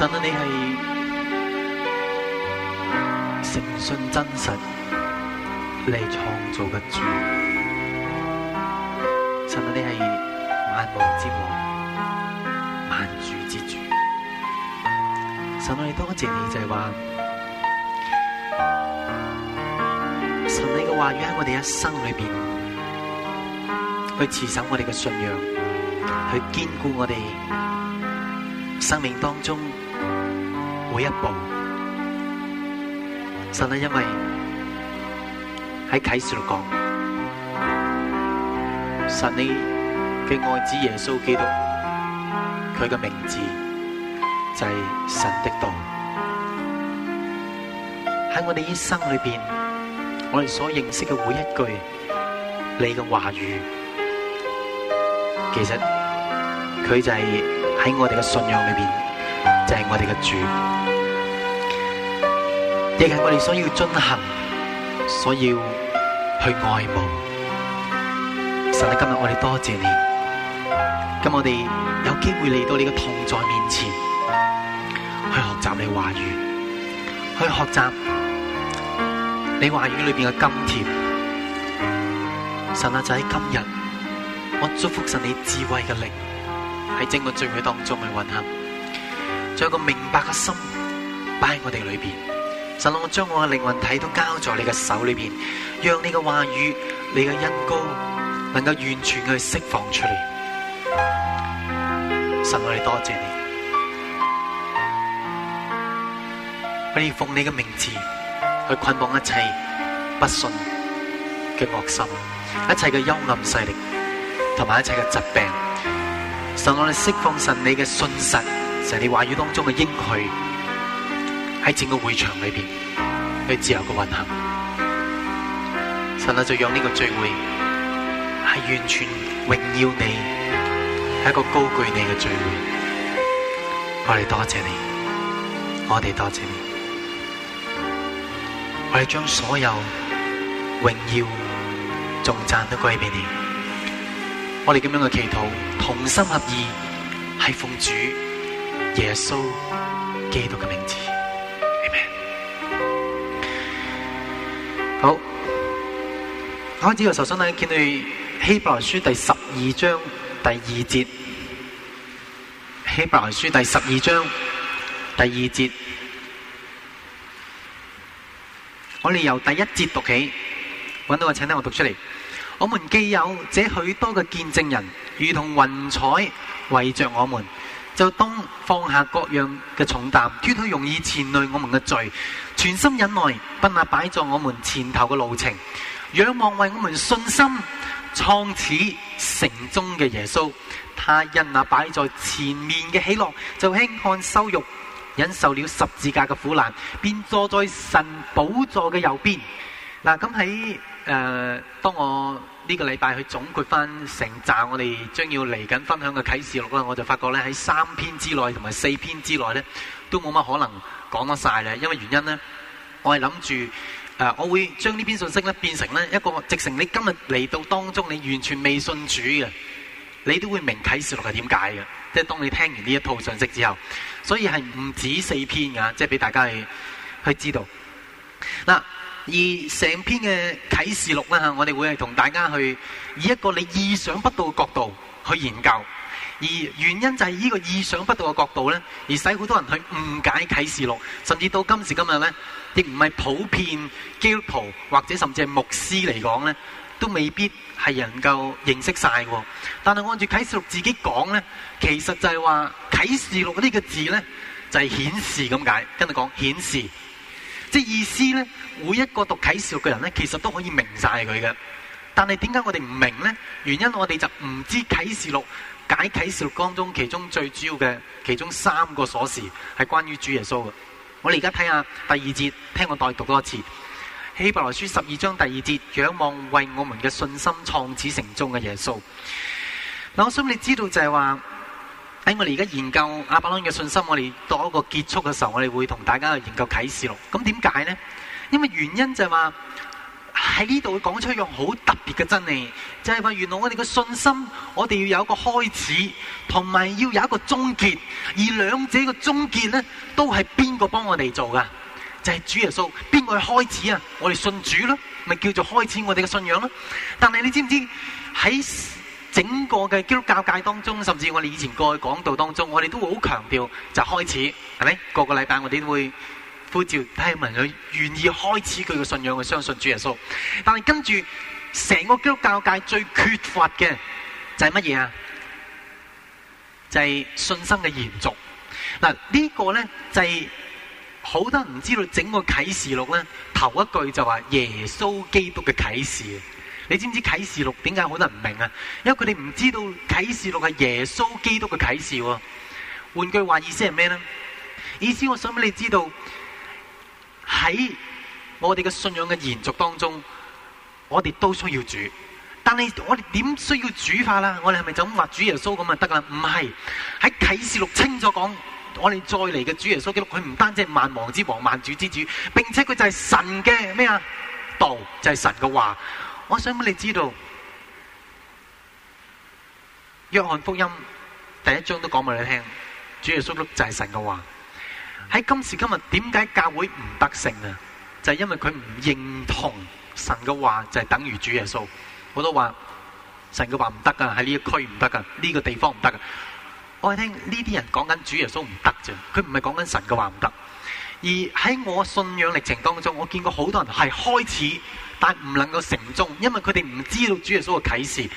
神啊，你係誠信真實嚟創造嘅主，神啊，你係萬王之王、萬主之主，神啊，你多謝你就係、是、話，神、啊、你嘅話語喺我哋一生裏邊去持守我哋嘅信仰，去堅固我哋生命當中。每一步，神係？因為喺啟示錄度講，神你嘅愛子耶穌基督，佢嘅名字就係神的道。喺我哋一生裏邊，我哋所認識嘅每一句你嘅話語，其實佢就係喺我哋嘅信仰裏邊，就係我哋嘅主。亦係我哋所要進行，所要去愛慕。神啊，今日我哋多謝，謝你。咁我哋有機會嚟到你嘅同在面前，去學習你話語，去學習你話語裏邊嘅甘甜。神啊，就喺、是、今日，我祝福神你智慧嘅靈喺整個聚會當中去運行，將個明白嘅心擺喺我哋裏邊。神，我將我嘅靈魂體都交在你嘅手裏邊，讓你嘅話語、你嘅恩膏能夠完全去釋放出嚟。神，我哋多謝你，我要奉你嘅名字去捆綁一切不信嘅惡心，一切嘅幽暗勢力，同埋一切嘅疾病。神，我哋釋放神你嘅信實，神你話語當中嘅應許。喺整個會場裏邊去自由嘅運行，神啊就讓呢個聚會係完全榮耀你，係一個高舉你嘅聚會。我哋多謝你，我哋多謝你，我哋將所有榮耀、頌讚都歸俾你。我哋咁樣嘅祈禱，同心合意，係奉主耶穌基督嘅名字。開始由首先呢見到希伯來書第十二章第二節。希伯來書第十二章第二節，我哋由第一節讀起，揾到個請聽我讀出嚟。我們既有這許多嘅見證人，如同雲彩圍着我們，就當放下各樣嘅重擔，脱去容易纏累我們嘅罪，全心忍耐，奔那擺在我們前頭嘅路程。仰望為我們信心創始成終嘅耶穌，他因那、啊、擺在前面嘅喜樂，就輕看羞辱，忍受了十字架嘅苦難，便坐在神寶座嘅右邊。嗱、啊，咁喺誒，當我呢個禮拜去總括翻成站，我哋將要嚟緊分享嘅啟示錄啦，我就發覺咧喺三篇之內，同埋四篇之內咧，都冇乜可能講得晒咧，因為原因呢，我係諗住。誒，我會將呢篇信息咧變成咧一個直情你今日嚟到當中，你完全未信主嘅，你都會明啟示錄係點解嘅。即係當你聽完呢一套信息之後，所以係唔止四篇嘅，即係俾大家去去知道。嗱，而成篇嘅啟示錄咧，我哋會係同大家去以一個你意想不到嘅角度去研究。而原因就係呢個意想不到嘅角度咧，而使好多人去誤解啟示錄，甚至到今時今日咧。亦唔係普遍基督徒或者甚至係牧師嚟講呢，都未必係人夠認識晒。但係按住啟示錄自己講呢，其實就係話啟示錄呢個字呢，就係顯示咁解。跟住講顯示，即係意思呢，每一個讀啟示錄嘅人呢，其實都可以明晒佢嘅。但係點解我哋唔明呢？原因我哋就唔知啟示錄解，啟示錄當中其中最主要嘅其中三個鎖匙係關於主耶穌嘅。我哋而家睇下第二節，聽我代讀多一次。希伯來書十二章第二節，仰望為我們嘅信心創始成終嘅耶穌。我想你知道就係話，喺、哎、我哋而家研究阿伯朗嘅信心，我哋到一個結束嘅時候，我哋會同大家去研究啟示錄。咁點解咧？因為原因就係話。喺呢度講出一樣好特別嘅真理，就係話原來我哋嘅信心，我哋要有一個開始，同埋要有一個終結，而兩者嘅終結咧，都係邊個幫我哋做噶？就係主耶穌，邊個去開始啊？我哋信主咯，咪叫做開始我哋嘅信仰咯？但係你知唔知喺整個嘅基督教界當中，甚至我哋以前過去講道當中，我哋都會好強調就係開始，係咪？個個禮拜我哋都會。呼召，睇聞佢願意開始佢嘅信仰去相信主耶穌，但係跟住成個基督教界最缺乏嘅就係乜嘢啊？就係、是、信心嘅延續。嗱，呢個咧就係好多人唔知道整個啟示錄咧，頭一句就話耶穌基督嘅啟示。你知唔知啟示錄點解好多人唔明啊？因為佢哋唔知道啟示錄係耶穌基督嘅啟示。換句話意思係咩咧？意思，意思我想俾你知道。喺我哋嘅信仰嘅延續當中，我哋都需要主。但係我哋點需要主法啦？我哋係咪就咁話主耶穌咁就得啦？唔係，喺啟示錄清楚講，我哋再嚟嘅主耶穌基督佢唔單止係萬王之王、萬主之主，並且佢就係神嘅咩啊道，就係、是、神嘅話。我想俾你知道，約翰福音第一章都講俾你聽，主耶穌就係神嘅話。喺今時今日，點解教會唔得勝啊？就係因為佢唔認同神嘅話，就係等於主耶穌。我都話神嘅話唔得噶，喺呢一區唔得噶，呢個地方唔得噶。我哋聽呢啲人講緊主耶穌唔得啫，佢唔係講緊神嘅話唔得。而喺我信仰歷程當中，我見過好多人係開始，但唔能夠成終，因為佢哋唔知道主耶穌嘅啟示。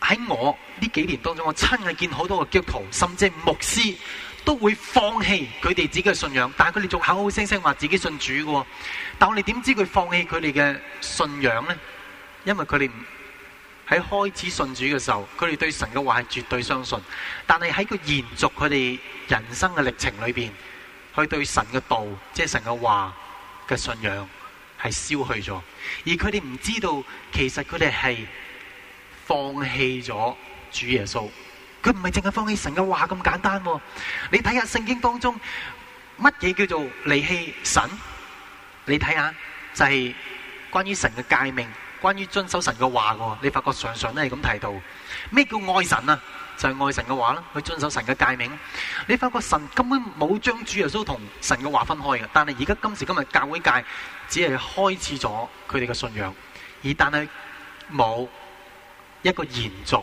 喺我呢幾年當中，我親眼見好多個基督徒，甚至牧師。都會放棄佢哋自己嘅信仰，但係佢哋仲口口聲聲話自己信主嘅。但我哋點知佢放棄佢哋嘅信仰呢？因為佢哋喺開始信主嘅時候，佢哋對神嘅話係絕對相信。但係喺佢延續佢哋人生嘅歷程裏邊，佢對神嘅道，即係神嘅話嘅信仰係消去咗。而佢哋唔知道，其實佢哋係放棄咗主耶穌。佢唔係淨係放棄神嘅話咁簡單喎，你睇下聖經當中乜嘢叫做離棄神？你睇下就係關於神嘅誡命，關於遵守神嘅話喎，你發覺常常都係咁提到。咩叫愛神啊？就係愛神嘅話啦，去遵守神嘅誡命。你發覺神根本冇將主耶穌同神嘅話分開嘅，但係而家今時今日教會界只係開始咗佢哋嘅信仰，而但係冇一個延續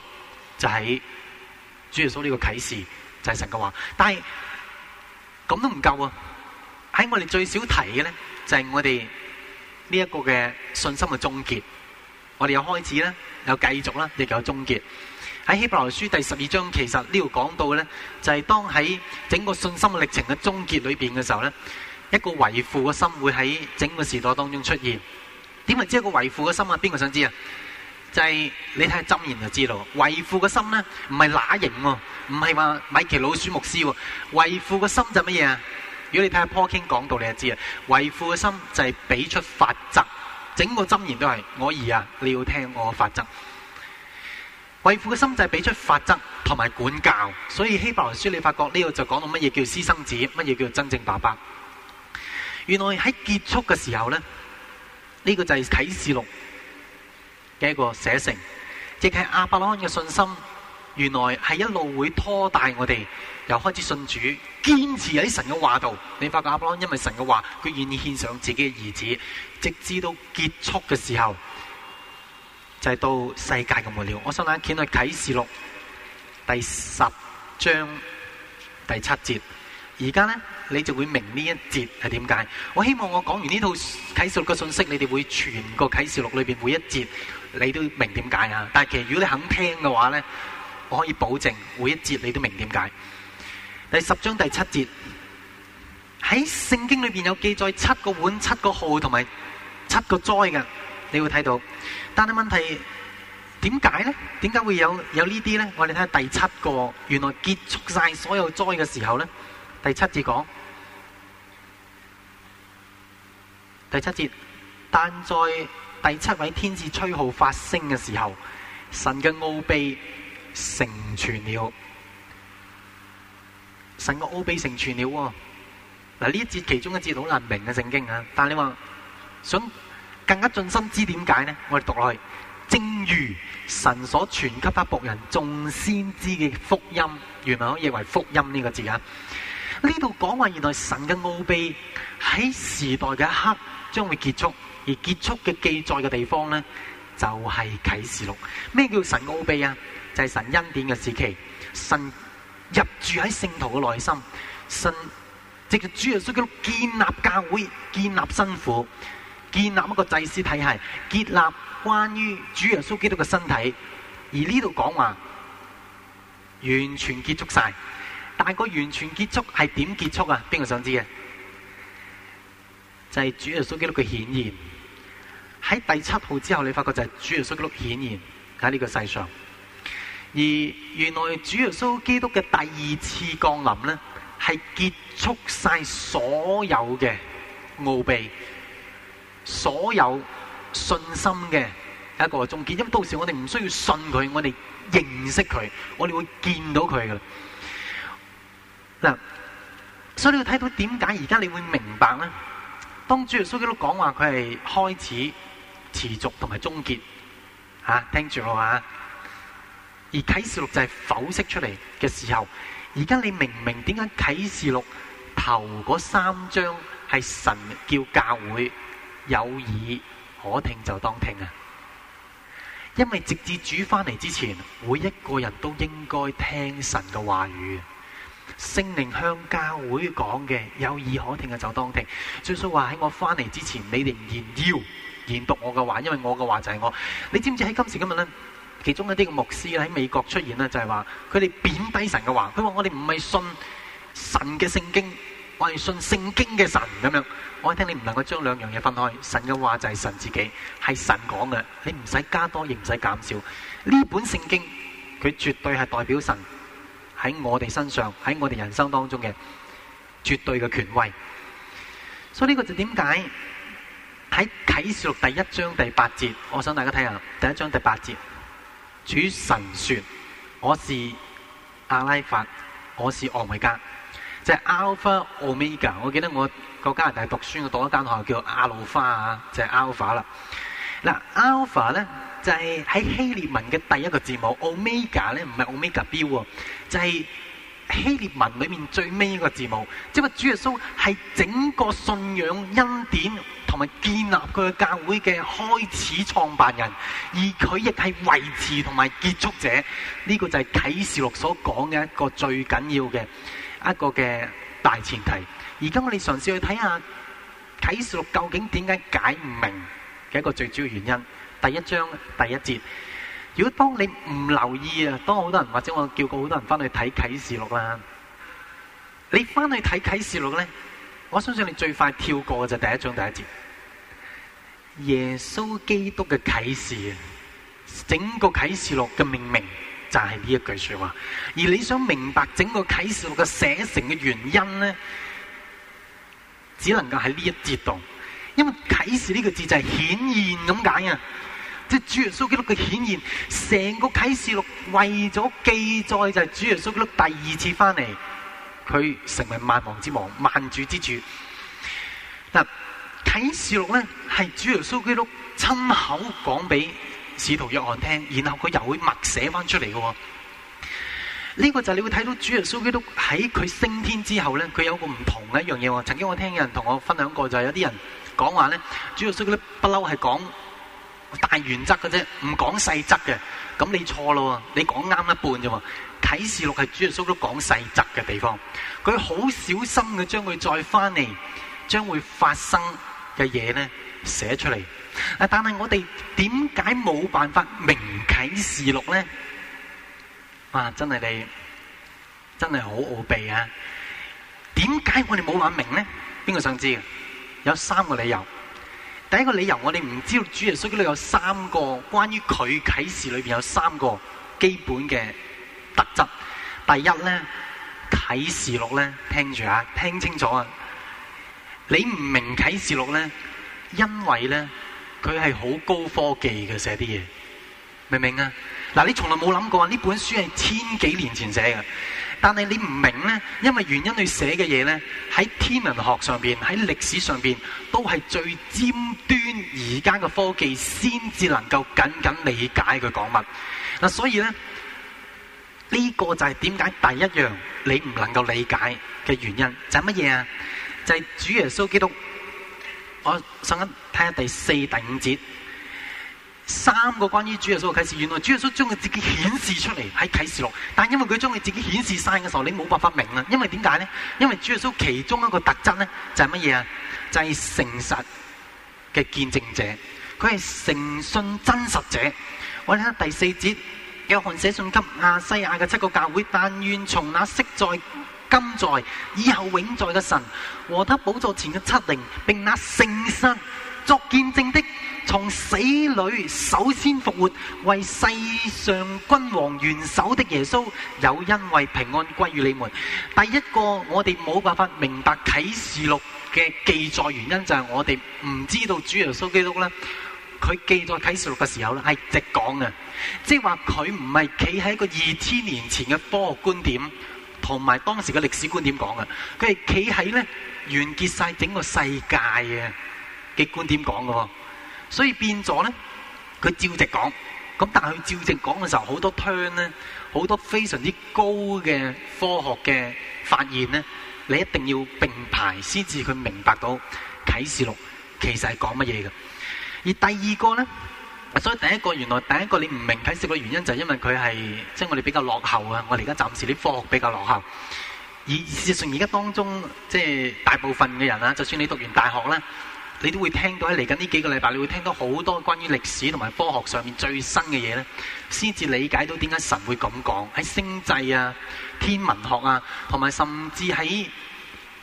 就喺。主耶穌呢個啟示就係、是、神嘅話，但係咁都唔夠啊！喺我哋最少提嘅咧，就係、是、我哋呢一個嘅信心嘅終結。我哋有開始啦，有繼續啦，亦有終結。喺希伯來書第十二章，其實呢度講到咧，就係、是、當喺整個信心歷程嘅終結裏邊嘅時候咧，一個維護嘅心會喺整個時代當中出現。點為之一個維護嘅心啊？邊個想知啊？就係你睇下箴言就知道，為父嘅心呢，唔係乸型喎，唔係話米奇老鼠牧師喎，為父嘅心就乜嘢啊？如果你睇下 Paul King 講到你就知啦，為父嘅心就係俾出法則，整個箴言都係我兒啊，你要聽我的法則。為父嘅心就係俾出法則同埋管教，所以希伯來書你發覺呢個就講到乜嘢叫私生子，乜嘢叫真正爸爸？原來喺結束嘅時候呢，呢個就係啟示錄。嘅一個寫成，亦係阿伯朗嘅信心，原來係一路會拖大我哋，由開始信主，堅持喺神嘅話度。你發覺阿伯朗因為神嘅話，佢願意獻上自己嘅兒子，直至到結束嘅時候，就係、是、到世界嘅末了。我雙眼見喺啟示錄第十章第七節，而家咧你就會明呢一節係點解。我希望我講完呢套啟示錄嘅信息，你哋會全個啟示錄裏邊每一節。你都明點解啊？但係其實如果你肯聽嘅話咧，我可以保證每一節你都明點解。第十章第七節喺聖經裏邊有記載七個碗、七個號同埋七個災嘅，你會睇到。但係問題點解咧？點解會有有這些呢啲咧？我哋睇下第七個，原來結束晒所有災嘅時候咧，第七節講第七節，但在第七位天使吹號發聲嘅時候，神嘅奧秘成全了，神嘅奧秘成全了喎。嗱，呢一節其中一節好難明嘅、啊、聖經啊，但係你話想更加盡心知點解呢？我哋讀落去：正如神所傳給他僕人眾先知嘅福音，原文可譯為“福音”呢個字啊。呢度講話，原來神嘅奧秘喺時代嘅一刻將會結束。而結束嘅記載嘅地方咧，就係、是、啟示錄。咩叫神奧秘啊？就係、是、神恩典嘅時期，神入住喺聖徒嘅內心，神即係、就是、主耶穌基督建立教會、建立新婦、建立一個祭司體系、建立關於主耶穌基督嘅身體。而呢度講話完全結束晒，但係個完全結束係點結束啊？邊個想知嘅？就係、是、主耶穌基督嘅顯現。喺第七號之後，你發覺就係主耶穌基督顯現喺呢個世上。而原來主耶穌基督嘅第二次降臨咧，係結束晒所有嘅奧秘，所有信心嘅一個終結。因為到時我哋唔需要信佢，我哋認識佢，我哋會見到佢噶啦。嗱，所以你要睇到點解而家你會明白咧？當主耶穌基督講話，佢係開始。持續同埋終結，啊、聽住我話。而啟示錄就係否釋出嚟嘅時候。而家你明唔明點解啟示錄頭嗰三章係神叫教會有耳可聽就當聽啊？因為直至主翻嚟之前，每一個人都應該聽神嘅話語，聖靈向教會講嘅有耳可聽嘅就當聽。耶穌話喺我翻嚟之前，你仍然要。研讀我嘅話，因為我嘅話就係我。你知唔知喺今時今日呢，其中一啲嘅牧師喺美國出現呢，就係話佢哋貶低神嘅話。佢話我哋唔係信神嘅聖經，我哋係信聖經嘅神咁樣。我聽你唔能夠將兩樣嘢分開。神嘅話就係神自己，係神講嘅，你唔使加多亦唔使減少。呢本聖經佢絕對係代表神喺我哋身上，喺我哋人生當中嘅絕對嘅權威。所以呢個就點解？喺啟示錄第一章第八節，我想大家睇下，第一章第八節，主神說：「我是阿拉法，我是奧米加，就係 alpha omega。我記得我個加拿大讀書，我讀一間學校叫亞魯花啊，就係 alpha 啦。嗱，alpha 咧就係喺希臘文嘅第一個字母，omega 咧唔係 omega 標喎，就係。希臘文裏面最尾一個字母，即係話主耶穌係整個信仰恩典同埋建立佢教會嘅開始創辦人，而佢亦係維持同埋結束者。呢個就係啟示錄所講嘅一個最緊要嘅一個嘅大前提。而家我哋嘗試去睇下啟示錄究竟點解解唔明嘅一個最主要原因，第一章第一節。如果當你唔留意啊，當好多人或者我叫過好多人翻去睇啟示錄啦，你翻去睇啟示錄咧，我相信你最快跳過嘅就係第一章第一節，耶穌基督嘅啟示，整個啟示錄嘅命名就係呢一句說話，而你想明白整個啟示錄嘅寫成嘅原因咧，只能夠喺呢一節度，因為啟示呢個字就係顯現咁解啊。即係主耶穌基督嘅顯現，成個啟示錄為咗記載就係主耶穌基督第二次翻嚟，佢成為萬王之王、萬主之主。嗱，啟示錄咧係主耶穌基督親口講俾使徒約翰聽，然後佢又會默寫翻出嚟嘅。呢個就係你會睇到主耶穌基督喺佢升天之後咧，佢有個唔同嘅一樣嘢。曾經我聽有人同我分享過，就係有啲人講話咧，主耶穌基督不嬲係講。大原則嘅啫，唔講細則嘅。咁你錯咯喎，你講啱一半啫喎。啟示錄係主耶穌都講細則嘅地方，佢好小心嘅將佢再翻嚟，將會發生嘅嘢咧寫出嚟。但係我哋點解冇辦法明啟示錄咧？哇！真係你真係好奧秘啊！點解我哋冇辦法明咧？邊個想知嘅？有三個理由。第一個理由，我哋唔知道主耶穌嗰度有三個關於佢啟示裏面有三個基本嘅特質。第一咧，啟示錄咧，聽住啊，聽清楚啊！你唔明啟示錄咧，因為咧，佢係好高科技嘅寫啲嘢，明唔明啊？嗱，你從來冇諗過啊！呢本書係千幾年前寫嘅。但係你唔明呢，因為原因佢寫嘅嘢呢，喺天文學上邊，喺歷史上邊，都係最尖端而家嘅科技，先至能夠緊緊理解佢講乜。嗱，所以呢，呢、呢個就係點解第一樣你唔能夠理解嘅原因，就係乜嘢啊？就係、係、主耶穌基督。我想緊睇下第四、第五節。三個關於主耶穌嘅啟示，原來主耶穌將佢自己顯示出嚟喺啟示錄，但係因為佢將佢自己顯示晒嘅時候，你冇辦法明啦。因為點解呢？因為主耶穌其中一個特質呢，就係乜嘢啊？就係、是、誠實嘅見證者，佢係誠信真實者。我睇下第四節，約翰寫信給亞西亞嘅七個教會，但願從那昔在、今在、以後永在嘅神，和他寶座前嘅七靈，並那誠實作見證的。從死裏首先復活，為世上君王元首的耶穌，有因為平安歸於你們。第一個，我哋冇辦法明白啟示錄嘅記載原因，就係我哋唔知道主耶穌基督呢，佢記載啟示錄嘅時候呢，係直講嘅，即係話佢唔係企喺個二千年前嘅科學觀點，同埋當時嘅歷史觀點講嘅，佢係企喺呢完結晒整個世界嘅嘅觀點講噶。所以變咗咧，佢照直講，咁但係佢照直講嘅時候，好多 turn 咧，好多非常之高嘅科學嘅發現咧，你一定要並排先至佢明白到啟示錄其實係講乜嘢嘅。而第二個咧，所以第一個原來第一個你唔明啟示錄嘅原因，就因，就因為佢係即係我哋比較落後啊！我哋而家暫時啲科學比較落後，而事實上而家當中即係、就是、大部分嘅人啊，就算你讀完大學啦。你都會聽到喺嚟緊呢幾個禮拜，你會聽到好多關於歷史同埋科學上面最新嘅嘢咧，先至理解到點解神會咁講喺星際啊、天文學啊，同埋甚至喺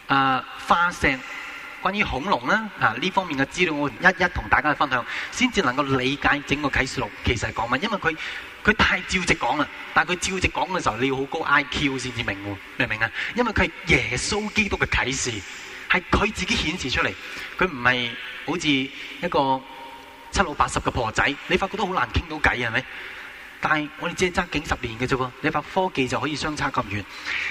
啊化石、關於恐龍啦呢方面嘅資料，我一一同大家去分享，先至能夠理解整個啟示錄其實係講乜，因為佢佢太照直講啦，但係佢照直講嘅時候，你要好高 IQ 先至明喎，明唔明啊？因為佢係耶穌基督嘅啟示，係佢自己顯示出嚟。佢唔係好似一個七老八十嘅婆仔，你發覺都好難傾到偈，係咪？但係我哋只係爭幾十年嘅啫喎，你發科技就可以相差咁遠。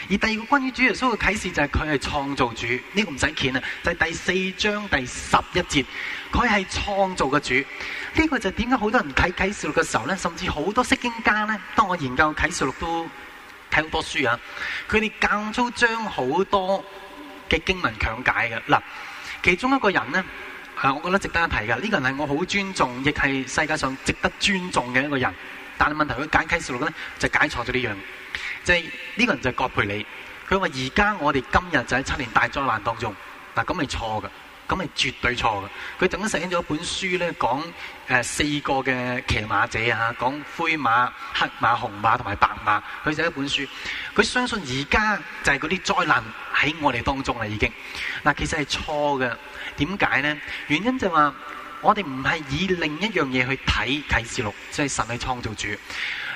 而第二個關於主耶穌嘅啟示就係佢係創造主，呢個唔使鉗啦。就係第四章第十一節，佢係創造嘅主。呢個就點解好多人睇啟示錄嘅時候咧，甚至好多釋經家咧，當我研究啟示錄都睇好多書啊，佢哋間中將好多嘅經文強解嘅嗱。其中一個人咧，係我覺得值得一提嘅。呢個人係我好尊重，亦係世界上值得尊重嘅一個人。但係問題佢解啟示錄咧，就解錯咗呢樣，即係呢個人就係葛培理。佢話：而家我哋今日就喺七年大災難當中嗱，咁係錯嘅。咁係絕對錯嘅。佢寫咗一本書咧，講四個嘅騎馬者啊，講灰馬、黑馬、紅馬同埋白馬，佢寫一本書。佢相信而家就係嗰啲災難喺我哋當中啦，已經。嗱，其實係錯嘅。點解呢？原因就係話我哋唔係以另一樣嘢去睇啟示錄，即係神係創造主。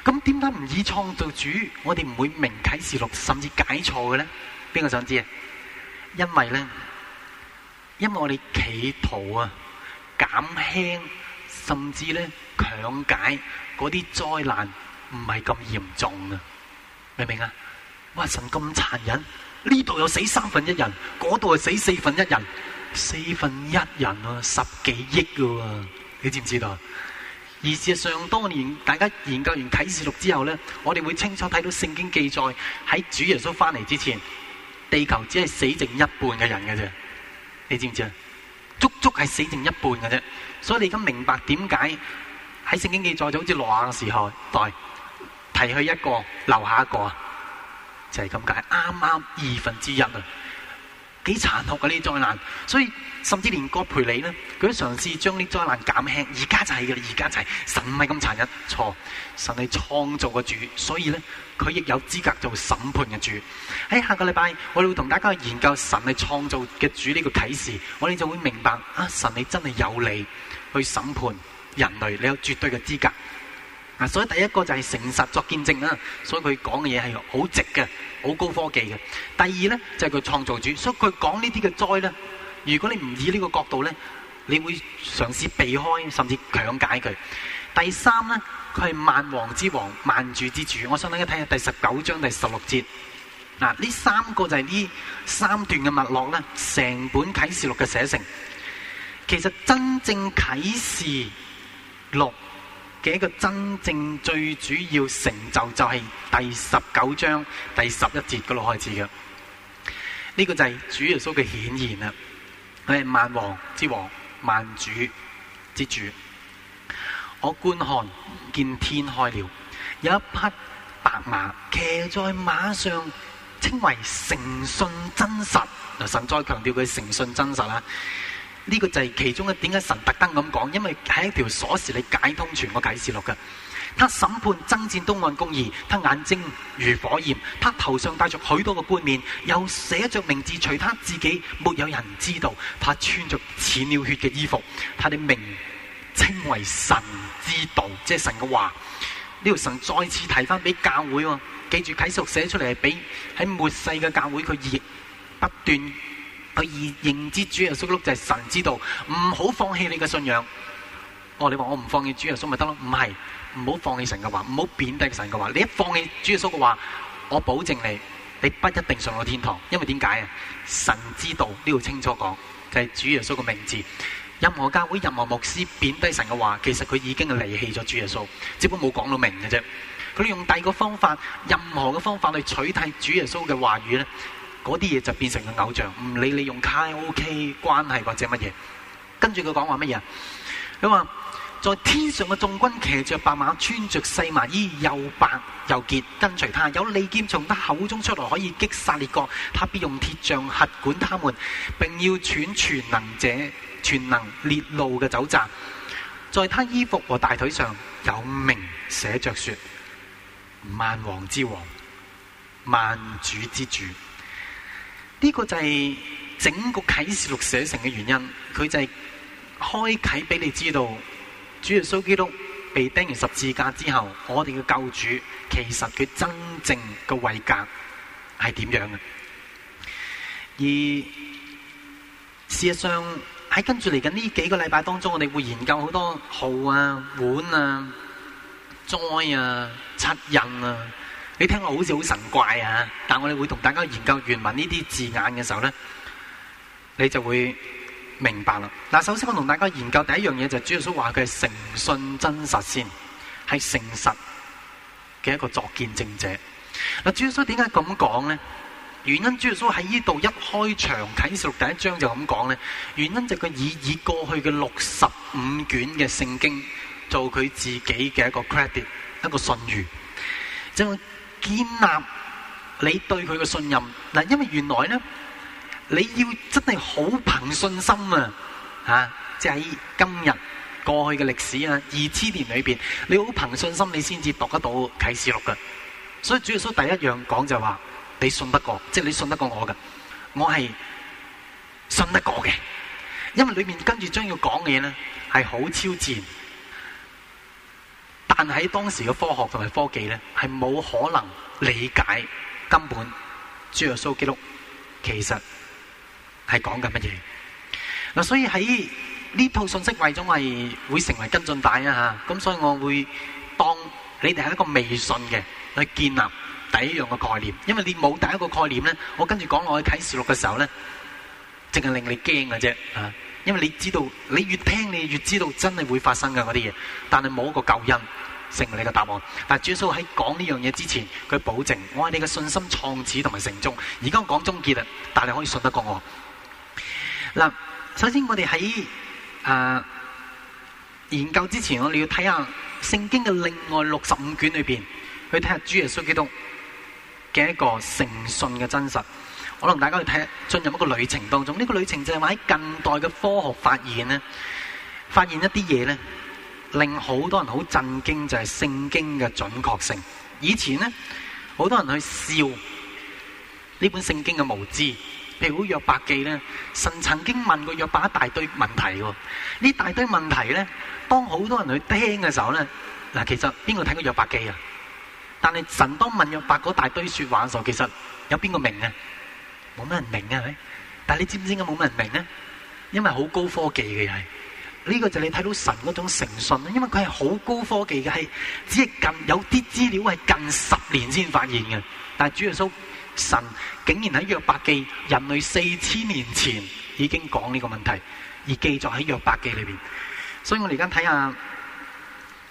咁點解唔以創造主，我哋唔會明啟示錄，甚至解錯嘅呢？邊個想知啊？因為呢。因為我哋企圖啊減輕，甚至咧強解嗰啲災難唔係咁嚴重啊，明唔明啊？哇！神咁殘忍，呢度又死三分一人，嗰度又死四分一人，四分一人啊，十幾億噶喎，你知唔知道？而事實上，當年大家研究完啟示錄之後咧，我哋會清楚睇到聖經記載喺主耶穌翻嚟之前，地球只係死剩一半嘅人嘅啫。你知唔知啊？足足係死剩一半嘅啫，所以你而家明白點解喺聖經記載就好似羅馬嘅時候，代提去一個，留下一個，就係咁解，啱啱二分之一殘啊，幾殘酷嘅呢啲災難，所以甚至連郭培里呢，佢都嘗試將呢啲災難減輕，而家就係嘅，而家就係神唔係咁殘忍，錯，神係創造嘅主，所以咧。佢亦有資格做審判嘅主。喺下個禮拜，我哋會同大家去研究神係創造嘅主呢個啟示，我哋就會明白啊！神你真係有理去審判人類，你有絕對嘅資格。啊，所以第一個就係誠實作見證啦。所以佢講嘅嘢係好直嘅，好高科技嘅。第二呢，就係佢創造主，所以佢講呢啲嘅災呢，如果你唔以呢個角度呢，你會嘗試避開，甚至強解佢。第三呢。佢係萬王之王，萬主之主。我想大家睇下第十九章第十六節。嗱，呢三個就係呢三段嘅脈絡咧，成本啟示錄嘅寫成。其實真正啟示錄嘅一個真正最主要成就就係第十九章第十一節嗰度開始嘅。呢、這個就係主耶穌嘅顯現啦。佢係萬王之王，萬主之主。我觀看，見天開了，有一匹白馬騎在馬上，稱為誠信真實。嗱，神再強調佢誠信真實啦。呢、這個就係其中一點，解神特登咁講？因為係一條鎖匙嚟解通全個啟示錄嘅。他審判征戰都按公義，他眼睛如火焰，他頭上帶着許多嘅冠冕，又寫着名字，除他自己沒有人知道。他穿着似尿血嘅衣服，他的名。稱為神之道，即係神嘅話。呢、這、條、個、神再次提翻俾教會喎，記住啟示錄寫出嚟係俾喺末世嘅教會佢不斷去而認知主耶穌基督就係、是、神之道，唔好放棄你嘅信仰。哦，你話我唔放棄主耶穌咪得咯？唔係，唔好放棄神嘅話，唔好貶低神嘅話。你一放棄主耶穌嘅話，我保證你，你不一定上到天堂。因為點解啊？神之道呢度清楚講，就係、是、主耶穌嘅名字。任何教會、任何牧師貶低神嘅話，其實佢已經係離棄咗主耶穌，只不過冇講到明嘅啫。佢用第二個方法，任何嘅方法去取代主耶穌嘅話語咧，嗰啲嘢就變成個偶像。唔理你用 K.O.K.、Okay，關係或者乜嘢，跟住佢講話乜嘢？佢話：在天上嘅眾軍騎着白馬，穿着細麻衣，又白又潔，跟隨他。有利劍從他口中出來，可以擊殺列國。他必用鐵杖轄管他們，並要踹全能者全能烈怒嘅酒醡，在他衣服和大腿上有名寫着說：萬王之王，萬主之主。呢、這個就係整個啟示錄寫成嘅原因。佢就係開啟俾你知道，主耶穌基督被釘完十字架之後，我哋嘅救主其實佢真正嘅位格係點樣嘅。而事實上，喺跟住嚟緊呢幾個禮拜當中，我哋會研究好多號啊、碗啊、災啊、七印啊。你聽我好似好神怪啊，但係我哋會同大家研究原文呢啲字眼嘅時候咧，你就會明白啦。嗱，首先我同大家研究第一樣嘢就係、是、主耶穌話佢係誠信真實先，係誠實嘅一個作見證者。嗱，主耶穌點解咁講咧？原因，主耶穌喺呢度一開場，啟示錄第一章就咁講咧。原因就佢以以過去嘅六十五卷嘅聖經做佢自己嘅一個 credit，一個信譽，即係建立你對佢嘅信任嗱。因為原來咧，你要真係好憑信心啊，吓，即係喺今日過去嘅歷史啊，二千年裏邊，你好憑信心你先至讀得到啟示錄嘅。所以主耶穌第一樣講就話。你信得過，即係你信得過我嘅，我係信得過嘅，因為裏面跟住將要講嘅嘢咧係好超自然，但喺當時嘅科學同埋科技咧係冇可能理解根本，主耶穌基督其實係講緊乜嘢嗱，所以喺呢套信息為咗我而會成為跟進帶啊，咁所以我會當你哋係一個微信嘅去建立。第一樣嘅概念，因為你冇第一個概念咧，我跟住講我去睇啟示錄嘅時候咧，淨係令你驚嘅啫，啊！因為你知道，你越聽你越知道真係會發生嘅嗰啲嘢，但係冇一個救恩成為你嘅答案。但係主耶穌喺講呢樣嘢之前，佢保證我係你嘅信心創始同埋成終。而家我講終結啦，但係可以信得過我。嗱，首先我哋喺誒研究之前，我哋要睇下聖經嘅另外六十五卷裏邊，去睇下主耶穌基督嘅一個誠信嘅真實，可能大家去睇，進入一個旅程當中。呢個旅程就係話喺近代嘅科學發現咧，發現一啲嘢咧，令好多人好震驚，就係聖經嘅準確性。以前咧，好多人去笑呢本聖經嘅無知，譬如好《約伯記》咧，神曾經問過約伯一大堆問題喎。呢一大堆問題咧，當好多人去聽嘅時候咧，嗱，其實邊個睇過《約伯記》啊？但係神當問約伯嗰大堆說話嘅時候，其實有邊個明啊？冇乜人明啊？係咪？但係你知唔知解冇乜人明啊？因為好高科技嘅嘢，呢、這個就是你睇到神嗰種誠信，因為佢係好高科技嘅，係只係近有啲資料係近十年先發現嘅。但係主耶穌神竟然喺約伯記人類四千年前已經講呢個問題，而記載喺約伯記裏邊。所以我哋而家睇下，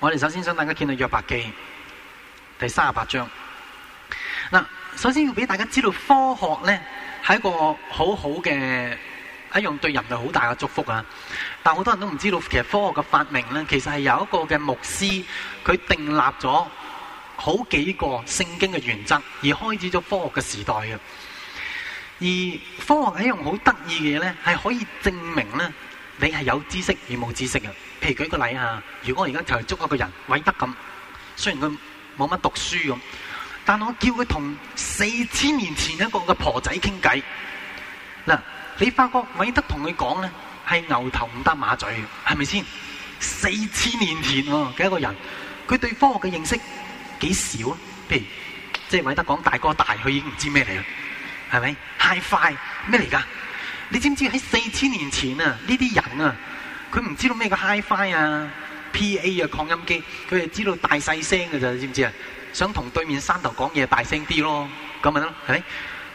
我哋首先想大家見到約伯記。第三十八章，嗱，首先要俾大家知道科學咧，係一個好好嘅一樣對人類好大嘅祝福啊！但好多人都唔知道，其實科學嘅發明咧，其實係由一個嘅牧師佢訂立咗好幾個聖經嘅原則，而開始咗科學嘅時代嘅。而科學係一樣好得意嘅嘢咧，係可以證明咧，你係有知識而冇知識嘅。譬如舉個例啊，如果我而家就係捉一個人韋德咁，雖然佢。冇乜讀書咁，但我叫佢同四千年前一個嘅婆仔傾偈。嗱，你發覺韋德同佢講咧，係牛頭唔得馬嘴嘅，係咪先？四千年前嘅一個人，佢對科學嘅認識幾少？譬如，即係韋德講大哥大，佢已經唔知咩嚟啦，係咪？HiFi 咩嚟噶？你知唔知喺四千年前這些啊？呢啲人啊，佢唔知道咩叫 HiFi 啊？P.A. 啊，擴音機，佢係知道大細聲嘅咋，知唔知啊？想同對面山頭講嘢，大聲啲咯，咁咪得咯，係咪？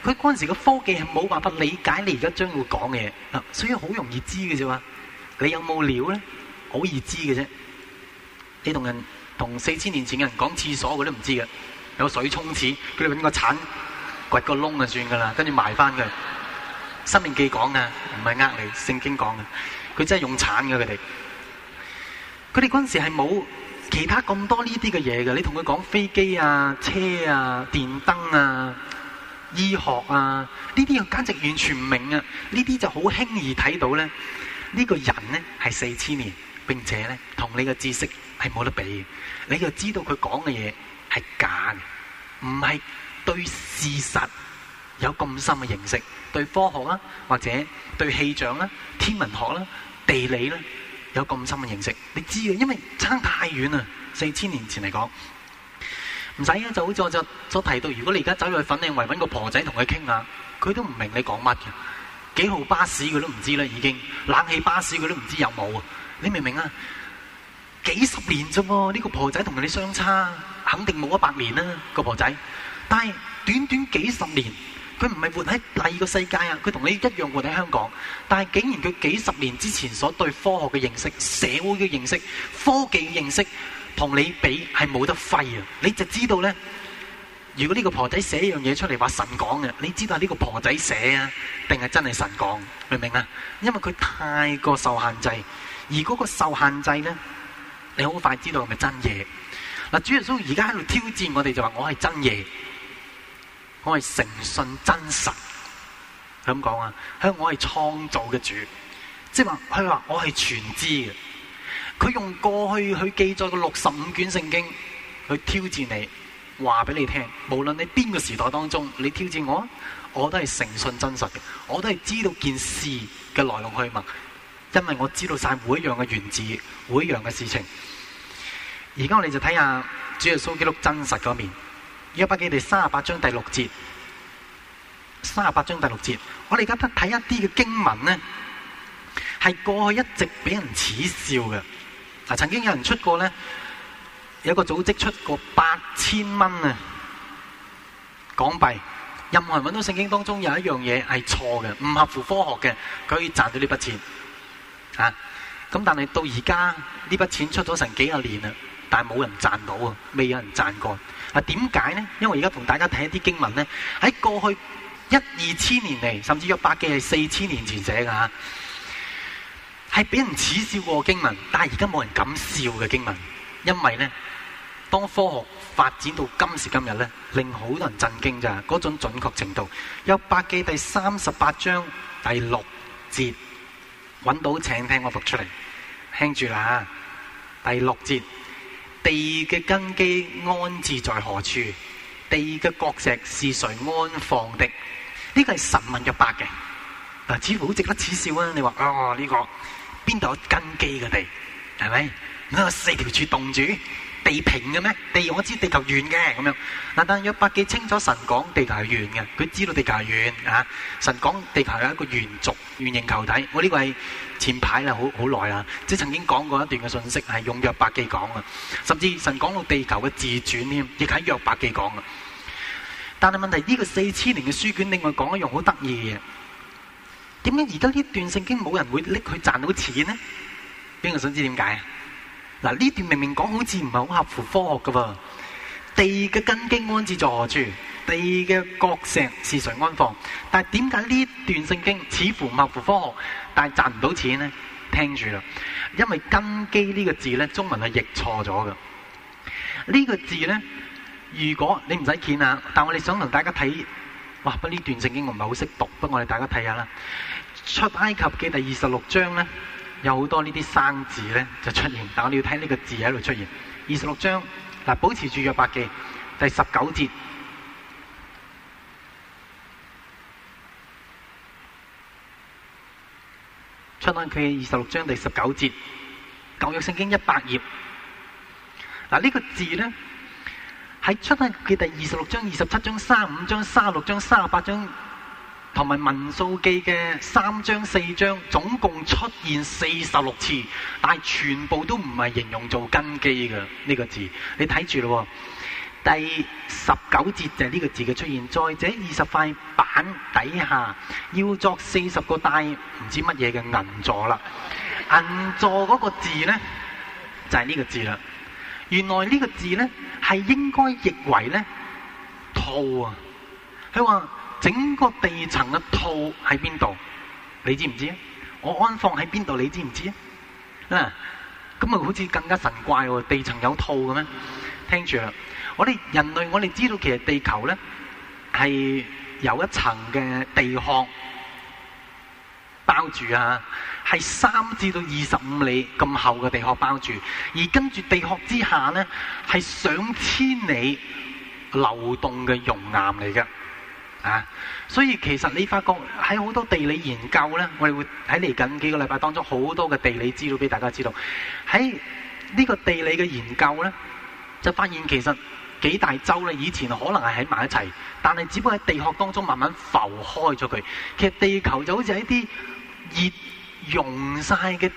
佢嗰陣時嘅科技係冇辦法理解你而家將會講嘢，嗱，所以好容易知嘅啫嘛。你有冇料咧？好易知嘅啫。你同人同四千年前嘅人講廁所，佢都唔知嘅。有水沖廁，佢哋揾個鏟掘個窿就算噶啦，跟住埋翻佢。《生命記》講嘅，唔係呃你，聖經講嘅，佢真係用鏟嘅佢哋。佢哋嗰陣時係冇其他咁多呢啲嘅嘢嘅，你同佢講飛機啊、車啊、電燈啊、醫學啊，呢啲佢簡直完全唔明啊！呢啲就好輕易睇到咧。呢、呢個人咧係四千年，並且咧同你嘅知識係冇得比嘅。你就知道佢講嘅嘢係假嘅，唔係對事實有咁深嘅認識，對科學啦、啊，或者對氣象啦、啊、天文學啦、啊、地理啦、啊。有咁深嘅認識，你知嘅，因為差太遠啦。四千年前嚟講，唔使啊，就好似我就所提到，如果你而家走咗去粉嶺圍揾個婆仔同佢傾下，佢都唔明你講乜嘅。幾號巴士佢都唔知啦，已經冷氣巴士佢都唔知有冇啊。你明唔明啊？幾十年咋喎？呢個婆仔同你相差，肯定冇一百年啦。個婆仔，但係短短幾十年。佢唔係活喺第二個世界啊！佢同你一樣活喺香港，但係竟然佢幾十年之前所對科學嘅認識、社會嘅認識、科技嘅認識，同你比係冇得揮啊！你就知道咧，如果呢個婆仔寫一樣嘢出嚟話神講嘅，你知道係呢個婆仔寫啊，定係真係神講？明唔明啊？因為佢太過受限制，而嗰個受限制咧，你好快知道係咪真嘢？嗱，主耶穌而家喺度挑戰我哋，就話我係真嘢。我係誠信真實，咁講啊！佢我係創造嘅主，即係話佢話我係全知嘅。佢用過去去記載嘅六十五卷聖經，去挑戰你，話俾你聽。無論你邊個時代當中，你挑戰我，我都係誠信真實嘅，我都係知道件事嘅來龍去脈，因為我知道晒每一樣嘅原字、每一樣嘅事情。而家我哋就睇下主耶穌基督真實嗰面。《約伯記》第三十八章第六節，三十八章第六節，我哋而家睇一啲嘅經文呢，係過去一直俾人恥笑嘅。嗱，曾經有人出過呢，有個組織出過八千蚊啊港幣，任何人搵到聖經當中有一樣嘢係錯嘅，唔合乎科學嘅，佢可以賺到呢筆錢啊。咁但係到而家呢筆錢出咗成幾廿年啦，但係冇人賺到啊，未有人賺過。啊，點解呢？因為而家同大家睇一啲經文呢，喺過去一二千年嚟，甚至約伯記係四千年前寫噶吓，係俾人恥笑過經文，但係而家冇人敢笑嘅經文，因為呢，當科學發展到今時今日呢，令好多人震驚咋，嗰種準確程度。約伯記第三十八章第六節，揾到請聽我讀出嚟，聽住啦，第六節。地嘅根基安置在何處？地嘅角石是誰安放的？呢個係神問約伯嘅，嗱，似乎好值得恥笑啊！你話哦呢、這個邊度有根基嘅地係咪？是四條柱棟住地平嘅咩？地我知地球圓嘅咁樣，但但約伯記清楚神講地球係圓嘅，佢知道地球係圓啊！神講地球係一個圓軸、圓形球體，我呢個係。這個前排啦，好好耐啦，即係曾經講過一段嘅信息，係用約伯記講啊，甚至神講到地球嘅自轉添，亦喺約伯記講啊。但係問題呢個四千年嘅書卷，另外講一樣好得意嘅嘢。點解而家呢段聖經冇人會拎佢賺到錢呢？邊個想知點解？嗱，呢段明明講好似唔係好合乎科學噶噃。地嘅根基安置在何處？地嘅角石是誰安放？但係點解呢段聖經似乎唔合乎科學？但係賺唔到錢咧，聽住啦，因為根基呢個字咧，中文係譯錯咗噶。呢個字咧，如果你唔使見啊，但我哋想同大家睇，哇！不呢段聖經我唔係好識讀，不過我哋大家睇下啦。出埃及記第二十六章咧，有好多呢啲生字咧就出現，但係我哋要睇呢個字喺度出現。二十六章嗱，保持住約伯記第十九節。出翻佢二十六章第十九節，舊約聖經一百頁嗱，呢個字咧，喺出翻佢第二十六章、二十七章、三五章、三六章、三十八章同埋民數記嘅三章、四章總共出現四十六次，但係全部都唔係形容做根基嘅？呢、呢個字，你睇住咯。第十九節就係呢個字嘅出現，再者二十塊板底下要作四十個帶唔知乜嘢嘅銀座啦。銀座嗰個字咧就係、是、呢個字啦。原來呢個字咧係應該譯為咧套啊。佢話整個地層嘅套喺邊度？你知唔知？我安放喺邊度？你知唔知啊？嗱，咁啊好似更加神怪喎。地層有套嘅咩？聽住啦。我哋人類，我哋知道其實地球咧係有一層嘅地殼包住啊，係三至到二十五里咁厚嘅地殼包住，而跟住地殼之下咧係上千里流動嘅熔岩嚟嘅啊，所以其實你發覺喺好多地理研究咧，我哋會喺嚟緊幾個禮拜當中好多嘅地理資料俾大家知道，喺呢個地理嘅研究咧就發現其實。幾大洲咧，以前可能係喺埋一齊，但係只不過喺地殼當中慢慢浮開咗佢。其實地球就好似喺啲熱溶晒嘅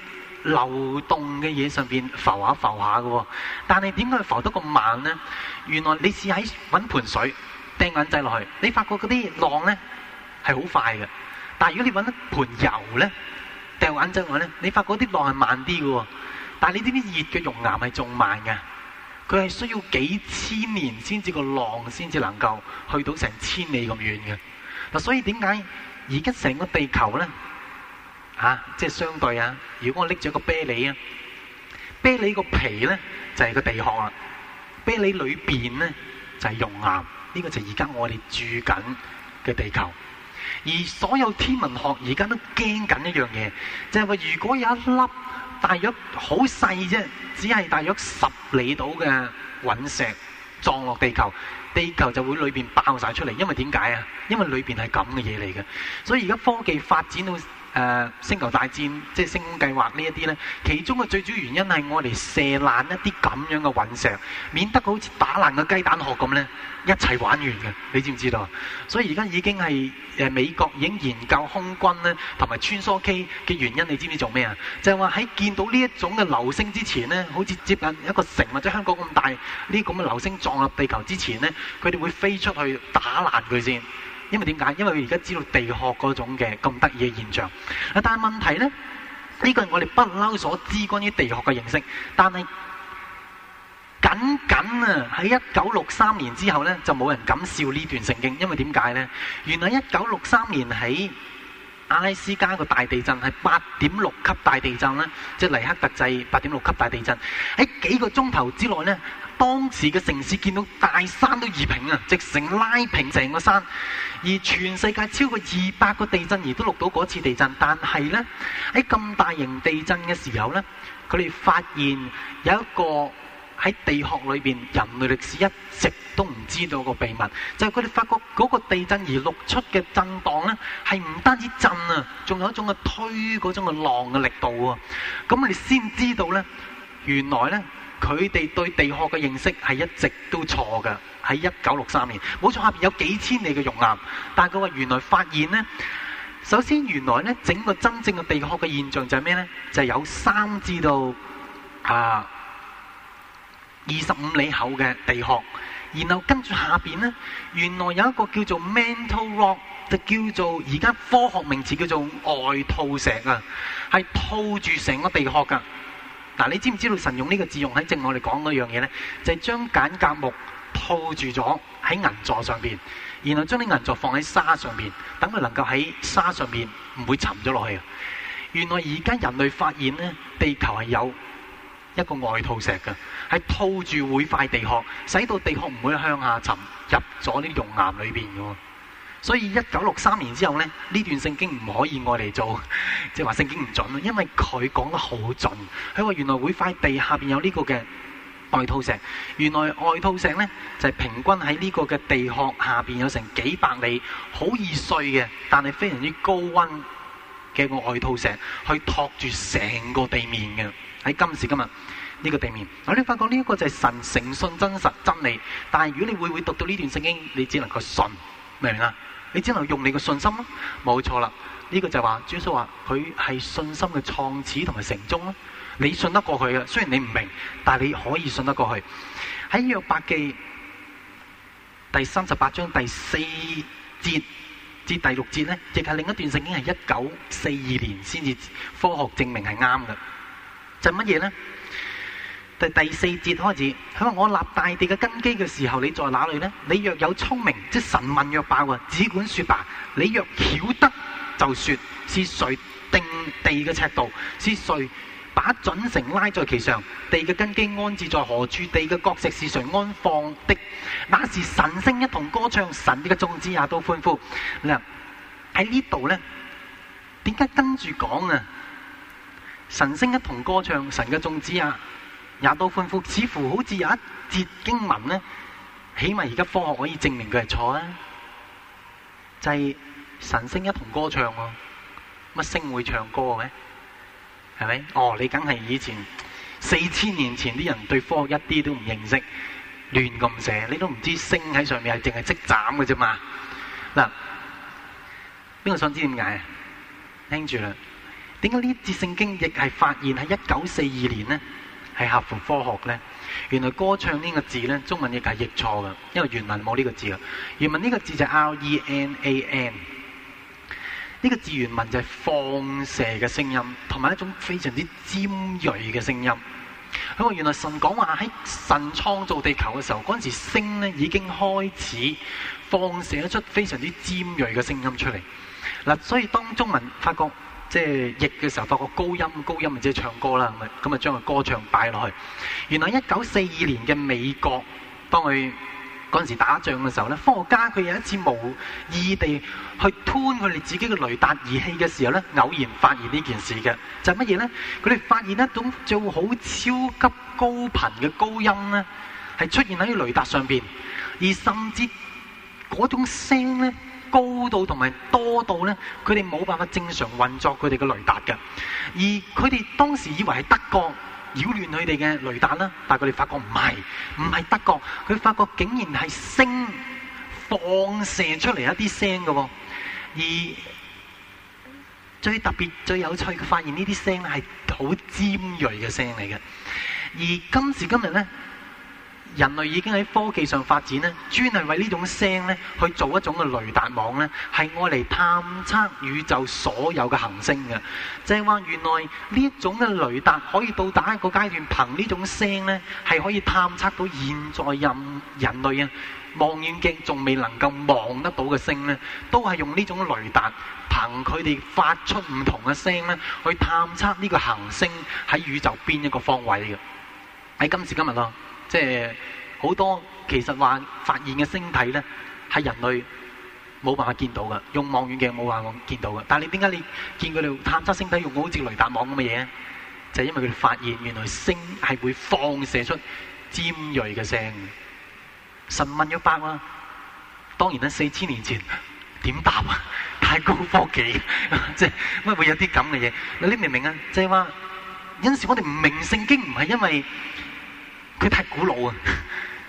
流動嘅嘢上邊浮一下浮一下嘅。但係點解浮得咁慢咧？原來你試下揾盆水掟銀仔落去，你發覺嗰啲浪咧係好快嘅。但係如果你揾一盆油咧，掟銀仔落去咧，你發覺啲浪係慢啲嘅。但係你知唔知熱嘅熔岩係仲慢嘅？佢係需要幾千年先至個浪先至能夠去到成千里咁遠嘅嗱，所以點解而家成個地球咧吓、啊，即係相對啊，如果我拎住一個啤梨啊，啤梨個皮咧就係、是、個地殼啦、啊，啤梨裏邊咧就係熔岩，呢、這個就係而家我哋住緊嘅地球，而所有天文學而家都驚緊一樣嘢，就係、是、話如果有一粒。大約好細啫，只係大約十里度嘅隕石撞落地球，地球就會裏邊爆晒出嚟。因為點解啊？因為裏邊係咁嘅嘢嚟嘅，所以而家科技發展到。誒星球大戰，即係星空計劃呢一啲呢，其中嘅最主要原因係我哋射爛一啲咁樣嘅隕石，免得好似打爛個雞蛋殼咁呢，一齊玩完嘅。你知唔知道？所以而家已經係誒美國已經研究空軍呢，同埋穿梭機嘅原因，你知唔知做咩啊？就係話喺見到呢一種嘅流星之前呢，好似接近一個城或者香港咁大呢咁嘅流星撞入地球之前呢，佢哋會飛出去打爛佢先。因為點解？因為佢而家知道地殼嗰種嘅咁得意嘅現象。但係問題咧，呢個係我哋不嬲所知關於地殼嘅認識。但係，僅僅啊喺一九六三年之後咧，就冇人敢笑呢段聖經。因為點解咧？原來一九六三年喺阿拉斯加個大地震係八點六級大地震咧，即係尼克特製八點六級大地震喺幾個鐘頭之內咧。當時嘅城市見到大山都移平啊，直成拉平成個山。而全世界超過二百個地震儀都錄到嗰次地震，但係呢，喺咁大型地震嘅時候呢，佢哋發現有一個喺地殼裏面人類歷史一直都唔知道嗰個秘密，就係佢哋發覺嗰個地震儀錄出嘅震蕩呢，係唔單止震啊，仲有一種嘅推嗰種嘅浪嘅力度啊。咁我哋先知道呢，原來呢。佢哋對地殼嘅認識係一直都錯嘅，喺一九六三年。冇錯，下面有幾千里嘅熔岩，但係佢話原來發現呢，首先原來呢整個真正嘅地殼嘅現象就係咩呢？就係、是、有三至到啊二十五里厚嘅地殼，然後跟住下面呢，原來有一個叫做 mantle rock，就叫做而家科學名詞叫做外套石啊，係套住成個地殼噶。嗱，你知唔知道神用呢個字用喺正我哋講嗰樣嘢呢？就係、是、將鹼夾木套住咗喺銀座上邊，然後將啲銀座放喺沙上邊，等佢能夠喺沙上面唔會沉咗落去。原來而家人類發現呢，地球係有一個外套石嘅，係套住每塊地殼，使到地殼唔會向下沉入咗啲熔岩裏邊嘅。所以一九六三年之後呢，呢段聖經唔可以我哋做，即係話聖經唔準，因為佢講得好準，佢話原來每塊地下邊有呢個嘅外套石，原來外套石呢，就係平均喺呢個嘅地殼下邊有成幾百里，好易碎嘅，但係非常之高溫嘅個外套石去托住成個地面嘅。喺今時今日呢個地面，嗱你發覺呢一個就係神誠信、真實、真理。但係如果你會唔會讀到呢段聖經，你只能夠信，明唔明啊？你只能用你嘅信心咯，冇錯啦。呢、這個就話，耶穌話佢係信心嘅創始同埋成終咯。你信得過佢嘅，雖然你唔明，但係你可以信得過去。喺約伯記第三十八章第四節至第六節咧，亦係另一段聖經，係一九四二年先至科學證明係啱嘅。就係乜嘢咧？第四節開始，佢話：我立大地嘅根基嘅時候，你在哪裏呢？你若有聰明，即神問約伯啊，只管說吧。你若曉得，就說是誰定地嘅尺度，是誰把準繩拉在其上，地嘅根基安置在何處？地嘅角石是誰安放的？那時晨星一同歌唱，神嘅眾子也都歡呼。嗱，喺呢度呢？點解跟住講啊？晨星一同歌唱，神嘅眾子啊！也多歡呼。似乎好似有一節經文呢，起碼而家科學可以證明佢係錯啊。就係、是、晨星一同歌唱喎，乜星會唱歌嘅？係咪？哦，你梗係以前四千年前啲人對科學一啲都唔認識，亂咁寫，你都唔知星喺上面係淨係即斬嘅啫嘛。嗱，邊個想知點解？聽住啦，點解呢一節聖經亦係發現喺一九四二年呢？係合乎科學咧，原來歌唱呢個字咧，中文亦係譯錯嘅，因為原文冇呢個字啊。原文呢個字就是 R E N A M，呢、這個字原文就係放射嘅聲音，同埋一種非常之尖銳嘅聲音。原來神講話喺神創造地球嘅時候，嗰時時聲咧已經開始放射得出非常之尖銳嘅聲音出嚟。嗱，所以當中文發覺。即係譯嘅時候，發覺高音、高音，咪即係唱歌啦咁啊，咁啊將個歌唱擺落去。原來一九四二年嘅美國，當佢嗰陣時打仗嘅時候咧，科學家佢有一次無意地去吞佢哋自己嘅雷達儀器嘅時候咧，偶然發現呢件事嘅就係乜嘢咧？佢哋發現一種做好超級高頻嘅高音咧，係出現喺於雷達上邊，而甚至嗰種聲咧。高度同埋多到呢，佢哋冇辦法正常運作佢哋嘅雷達嘅。而佢哋當時以為係德國擾亂佢哋嘅雷達啦，但係佢哋發覺唔係，唔係德國，佢發覺竟然係聲放射出嚟一啲聲嘅。而最特別、最有趣嘅發現，呢啲聲係好尖銳嘅聲嚟嘅。而今時今日呢。人類已經喺科技上發展咧，專係為呢種聲咧去做一種嘅雷達網咧，係愛嚟探測宇宙所有嘅行星嘅。即係話原來呢一種嘅雷達可以到達一個階段，憑呢種聲咧係可以探測到現在任人類啊望遠鏡仲未能夠望得到嘅星咧，都係用呢種雷達憑佢哋發出唔同嘅聲咧，去探測呢個行星喺宇宙邊一個方位嘅。喺今時今日咯。即係好多，其實話發現嘅星體咧，係人類冇辦法見到噶，用望遠鏡冇辦法見到噶。但係你點解你見佢哋探測星體用的好似雷達網咁嘅嘢？就係因為佢哋發現原來星系會放射出尖銳嘅聲。神問咗伯話：，當然啦，四千年前點答啊？ 太高科技，即係乜會有啲咁嘅嘢？你明唔明啊？即係話，有時候我哋唔明聖經，唔係因為。佢太古老啊，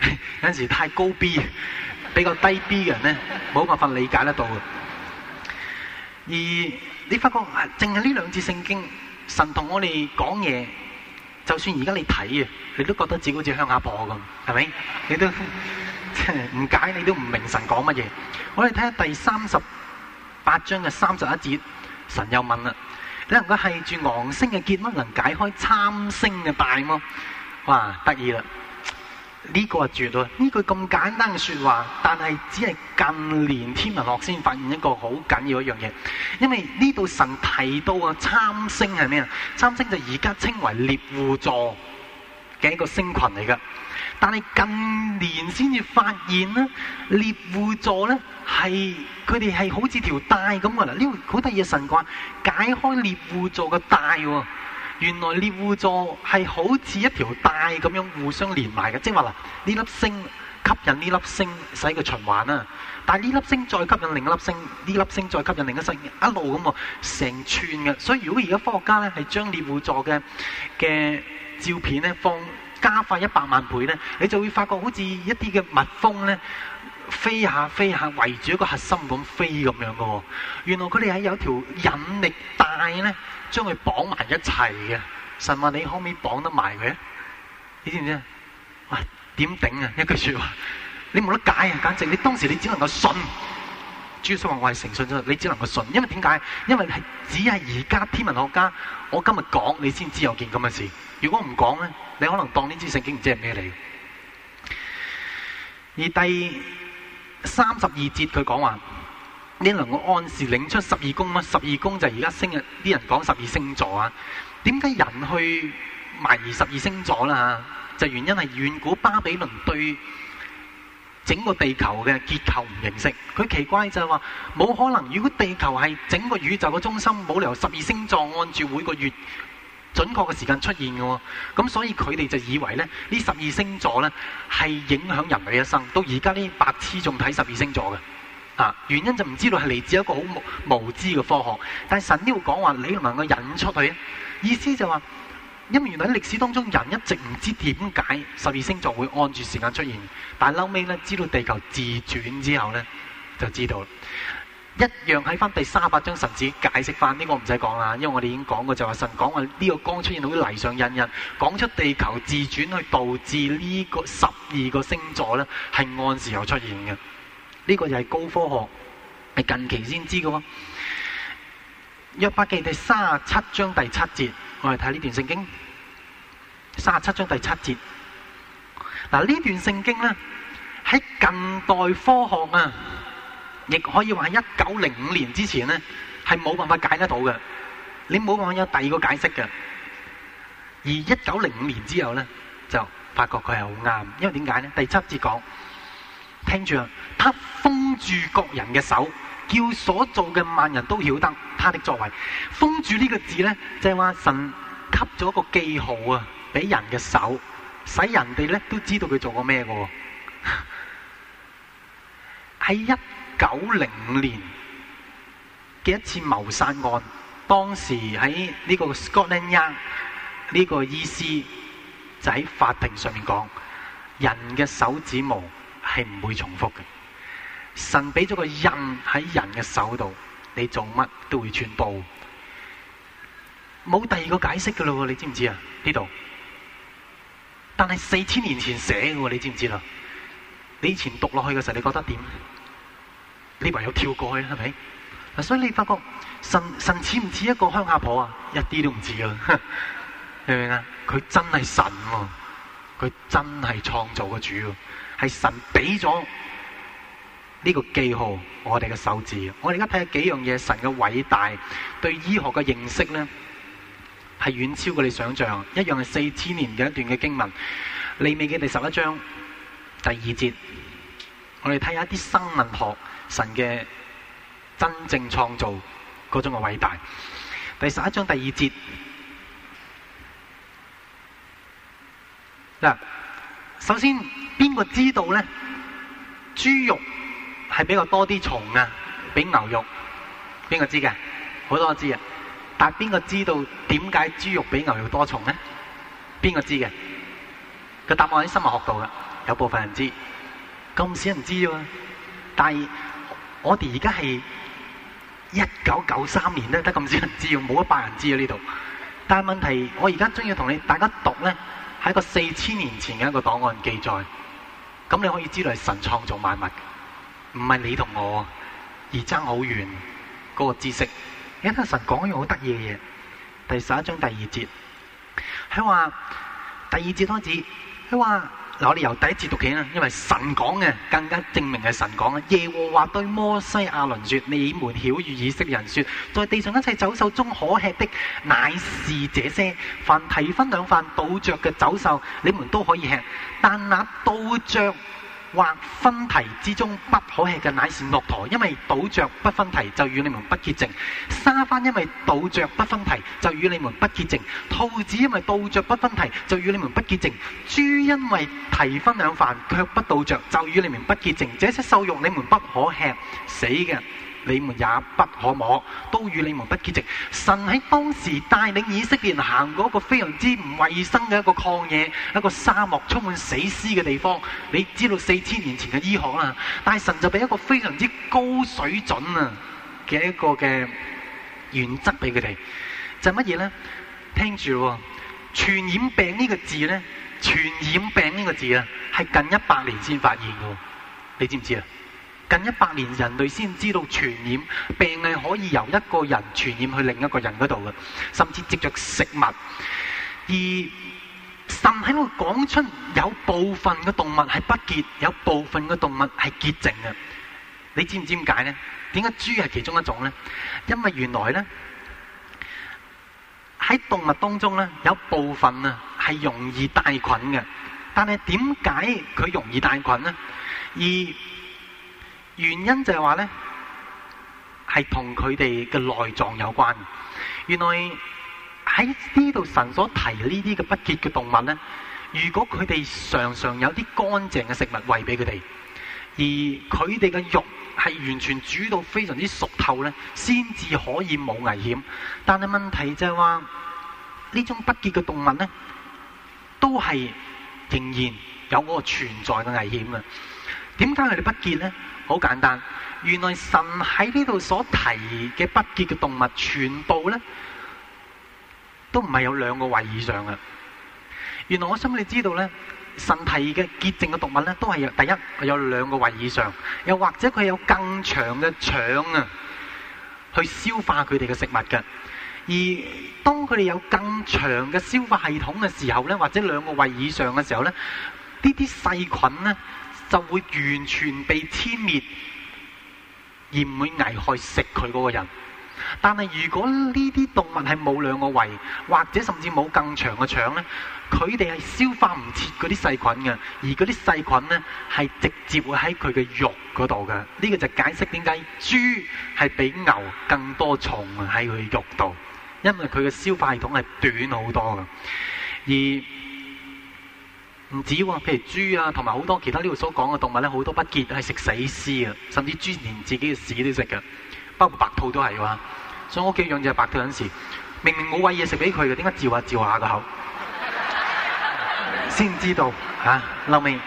有陣時太高 B， 比較低 B 嘅人咧，冇辦法理解得到。而你發覺淨係呢兩節聖經，神同我哋講嘢，就算而家你睇啊，你都覺得自己好似鄉下婆咁，係咪？ 你都唔解，你都唔明神講乜嘢。我哋睇下第三十八章嘅三十一節，神又問啦：你能夠繫住昂星嘅結，能解開參星嘅帶麼？哇！得意啦，呢、呢個係絕喎！呢句咁簡單嘅說話，但係只係近年天文學先發現一個好緊要的一樣嘢，因為呢度神提到啊參星係咩啊？參星就而家稱為獵戶座嘅一個星群嚟噶，但係近年先至發現啦，獵戶座咧，係佢哋係好似條帶咁噶啦。呢好得意嘅，神話，解開獵戶座嘅帶，哦。原來獵戶座係好似一條帶咁樣互相連埋嘅，即係話嗱，呢粒星吸引呢粒星，使個循環啊！但係呢粒星再吸引另一粒星，呢粒星再吸引另一粒星，星，星，一路咁喎，成串嘅。所以如果而家科學家咧係將獵戶座嘅嘅照片咧放加快一百萬倍咧，你就會發覺好似一啲嘅蜜蜂咧飛下飛下圍住一個核心咁飛咁樣嘅。原來佢哋係有條引力帶咧。將佢綁埋一齊嘅神話，你可唔可以綁得埋佢？你知唔知啊？喂，點頂啊？一句說話，你冇得解啊！簡直你當時你只能夠信。耶穌話：我係誠信咗，你只能夠信。因為點解？因為係只係而家天文學家，我今日講你先知有件咁嘅事。如果唔講咧，你可能當呢支聖經唔知係咩嚟。而第三十二節佢講話。你能夠按時領出十二宮嗎？十二宮就係而家星日啲人講十二星座啊？點解人去迷十二星座啦？就係、原因係遠古巴比倫對整個地球嘅結構唔認識。佢奇怪就係話，冇可能如果地球係整個宇宙嘅中心，冇理由十二星座按住每個月準確嘅時間出現嘅喎。咁所以佢哋就以為咧，呢十二星座咧係影響人類一生。到而家呢，白痴仲睇十二星座嘅。啊，原因就唔知道係嚟自一個好無，無知嘅科學，但係神呢會講話你能夠引出去意思就話，是，因為原來喺歷史當中人一直唔知點解十二星座會按住時間出現，但係後尾咧知道地球自轉之後咧就知道啦，一樣喺翻第三百張神紙解釋翻呢個唔使講啦，因為我哋已經講過就話神講話呢個光出現到啲泥上印印，講出地球自轉去導致呢個十二個星座咧係按時候出現嘅。呢、這個就係高科學，係近期先知嘅。約伯記第卅七章第七節，我哋睇呢段聖經。卅七章第七節，嗱呢段聖經咧，喺近代科學啊，亦可以話喺一九零五年之前咧，係冇辦法解得到嘅。你冇辦法有第二個解釋嘅。而一九零五年之後咧，就發覺佢係好啱，因為點解咧？第七節講。聽住啦，他封住各人嘅手，叫所做嘅萬人都曉得他的作為。封住呢個字咧，就係話神給咗個記號啊，俾人嘅手，使人哋咧都知道佢做過咩嘅。喺一九零五年嘅一次謀殺案，當時喺呢個 Scotland Yard，呢個醫師就喺法庭上面講，人嘅手指模。係唔會重複嘅，神俾咗個印喺人嘅手度，你做乜都會全部報，冇第二個解釋噶咯，你知唔知啊？呢度，但係四千年前寫嘅，你知唔知啊？你以前讀落去嘅時候，你覺得點？你唯有跳過去係咪？嗱，所以你發覺神神似唔似一個鄉下婆啊？一些都不 你明白嗎啊？一啲都唔似噶，明唔明啊？佢真係神喎，佢真係創造嘅主。係神畀咗呢個記號，我哋嘅手指。我哋而家睇下幾樣嘢，神嘅偉大對醫學嘅認識咧，係遠超過你想象。一樣係四千年嘅一段嘅經文，利未記第十一章第二節，我哋睇下一啲生物學神嘅真正創造嗰種嘅偉大。第十一章第二節，嗱首先。邊個知道咧？豬肉係比較多啲蟲啊，比牛肉，邊個知嘅？好多知啊！但係邊個知道點解豬肉比牛肉多蟲咧？邊個知嘅？個答案喺生物學度噶，有部分人知，咁少人知啫嘛！但係我哋而家係一九九三年咧，得咁少人知，冇一百人知喺呢度。但係問題，我而家中意同你大家讀咧，係一個四千年前嘅一個檔案記載。咁你可以知道係神創造萬物，唔係你同我而爭好遠嗰個知識。而家神講一樣好得意嘅嘢，第十一章第二節，佢話，第二節開始，佢話。我哋由第一節讀起啦，因為神講嘅更加證明係神講。 耶和華對摩西亞倫説：你們曉喻以色列人説，在地上一切走獸中可吃的，乃是這些。凡蹄分兩瓣倒嚼嘅走獸，你們都可以吃。但那倒嚼。或分題之中不可吃嘅，乃是駱駝，因為倒着不分題就與你們不潔淨；沙翻，因為倒着不分題就與你們不潔淨；兔子，因為倒着不分題就與你們不潔淨；豬因為提分兩瓣，卻不倒着，就與你們不潔淨。這些受肉你們不可吃，死嘅。你們也不可摸，都與你們不潔淨。神喺當時帶領以色列人行過一個非常之唔衛生嘅一個曠野，一個沙漠充滿死屍嘅地方。你知道四千年前嘅醫學啊，但神就俾一個非常之高水準啊嘅一個嘅原則俾佢哋，就係乜嘢呢？聽住喎，傳染病呢個字呢？傳染病呢個字啊，係近一百年先發現噶，你知唔知啊？近一百年人類先知道傳染病係可以由一個人傳染去另一個人嗰度嘅，甚至藉着食物。而神喺度講出有部分嘅動物係不潔，有部分嘅動物係潔淨嘅。你知唔知點解呢？點解豬係其中一種呢？因為原來呢，喺動物當中呢，有部分係容易帶菌嘅。但係點解佢容易帶菌呢？而原因就係話咧，係同佢哋嘅內臟有關。原來喺呢度神所提呢啲嘅不潔嘅動物咧，如果佢哋常常有啲乾淨嘅食物餵俾佢哋，而佢哋嘅肉係完全煮到非常之熟透咧，先至可以冇危險。但係問題就係話，呢種不潔嘅動物咧，都係仍然有嗰個存在嘅危險嘅。點解佢哋不潔咧？好簡單，原來神喺呢度所提嘅不潔嘅動物，全部呢，都唔係有兩個胃以上嘅。原來我心裏知道呢，神提嘅潔淨嘅動物呢，都係有第一，佢有兩個胃以上，又或者佢有更長嘅腸啊，去消化佢哋嘅食物嘅。而當佢哋有更長嘅消化系統嘅時候呢，或者兩個胃以上嘅時候呢，呢啲細菌呢。就會完全被殲滅，而唔會危害食佢嗰個人。但係如果呢啲動物係冇兩個胃，或者甚至冇更長嘅腸呢，佢哋係消化唔切嗰啲細菌嘅，而嗰啲細菌呢係直接會喺佢嘅肉嗰度嘅。呢個就解釋點解豬係比牛更多蟲喺佢肉度，因為佢嘅消化系統係短好多嘅。而唔止喎，譬如豬啊，同埋好多其他呢度所講嘅動物咧，好多不潔，係食死屍啊，甚至豬連自己嘅屎都食㗎，包括白兔都係喎。所以我屋企養隻白兔嗰陣時，明明冇餵嘢食俾佢嘅，點解嚼下嚼下個口？先 知道嚇，啊、劉美？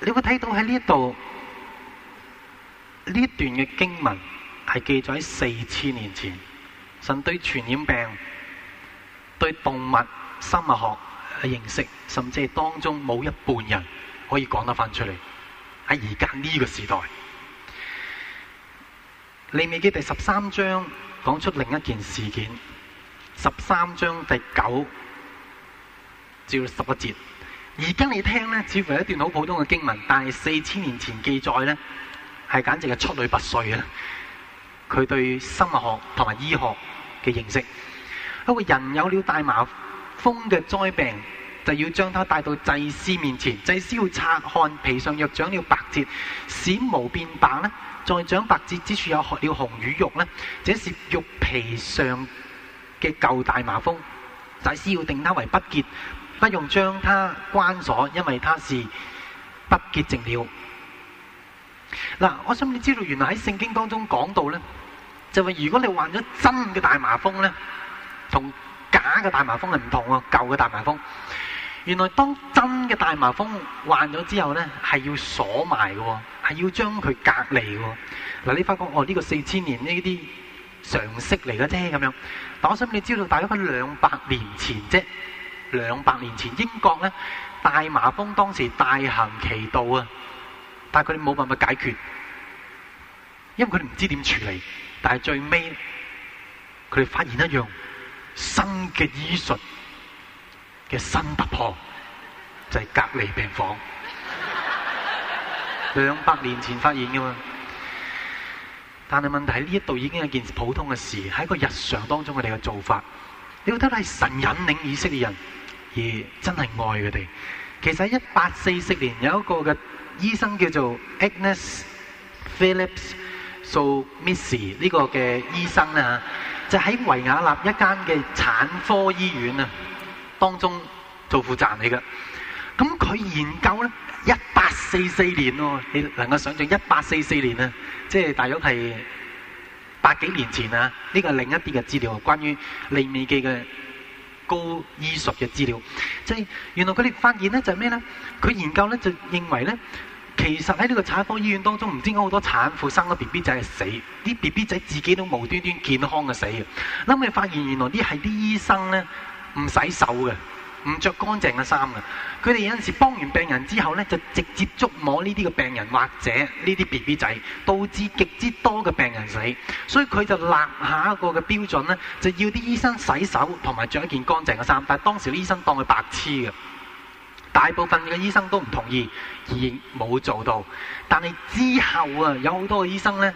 你會睇到喺呢度呢段嘅經文係記載喺四千年前，神對傳染病、對動物、生物學。嘅認識，甚至係當中冇一半人可以講得翻出嚟。喺而家呢個時代，利未記第十三章講出另一件事件。十三章第九至十一節，而家你聽呢，似乎係一段好普通嘅經文，但係四千年前記載呢，係簡直係出類拔萃啊！佢對生物學同埋醫學嘅認識，因為人有了大痲。風嘅災病就要將它帶到祭司面前，祭司要察看皮上若長了白節，使毛變白呢，再長白節之處有學了紅瘀肉呢，這是肉皮上嘅舊大麻風，祭司要定它為不潔，不用將它關鎖，因為它是不潔淨了。嗱，我想你知道原來喺聖經當中講到呢，就話如果你患咗真嘅大麻風呢。同。假嘅大麻風係唔同喎，舊嘅大麻風，原來當真嘅大麻風患咗之後咧，係要鎖埋嘅，係要將佢隔離嘅。嗱，你發覺哦，呢個四千年呢啲常識嚟嘅啫咁樣。但我想你知道大概係兩百年前啫，兩百年前英國咧大麻風當時大行其道啊，但係佢哋冇辦法解決，因為佢哋唔知點處理。但係最尾，佢哋發現一樣。新嘅醫術嘅新突破就係、是、隔離病房，兩 百年前發現嘅嘛。但係問題呢，一度已經係件普通嘅事，喺個日常當中佢哋嘅做法。你覺得係神引領以色列人，而真係愛佢哋。其實一八四四年有一個嘅醫生叫做 Ignaz Philipp Semmelweis 呢個嘅醫生啊。就喺維也納一間嘅產科醫院啊，當中做負責嚟噶。咁佢研究咧，一八四四年喎，哦，你能夠想象一八四四年啊，即係大約係百幾年前啊？呢個另一啲嘅資料，關於利未記嘅高醫術嘅資料。即係原來佢哋發現咧，就係咩咧？佢研究咧，就認為咧。其實喺呢個產科醫院當中，唔知點解好多產婦生咗 B B 仔係死，啲 B B 仔自己都無端端健康嘅死嘅。咁我哋發現原來啲係啲醫生咧唔洗手嘅，唔着乾淨嘅衫嘅。佢哋有陣時幫完病人之後咧，就直接捉摸呢啲嘅病人或者呢啲 B B 仔，導致極之多嘅病人死。所以佢就立下一個嘅標準咧，就要啲醫生洗手同埋着一件乾淨嘅衫。但係當時啲醫生當佢白痴嘅。大部分嘅醫生都唔同意，而冇做到。但係之後啊，有好多嘅醫生呢，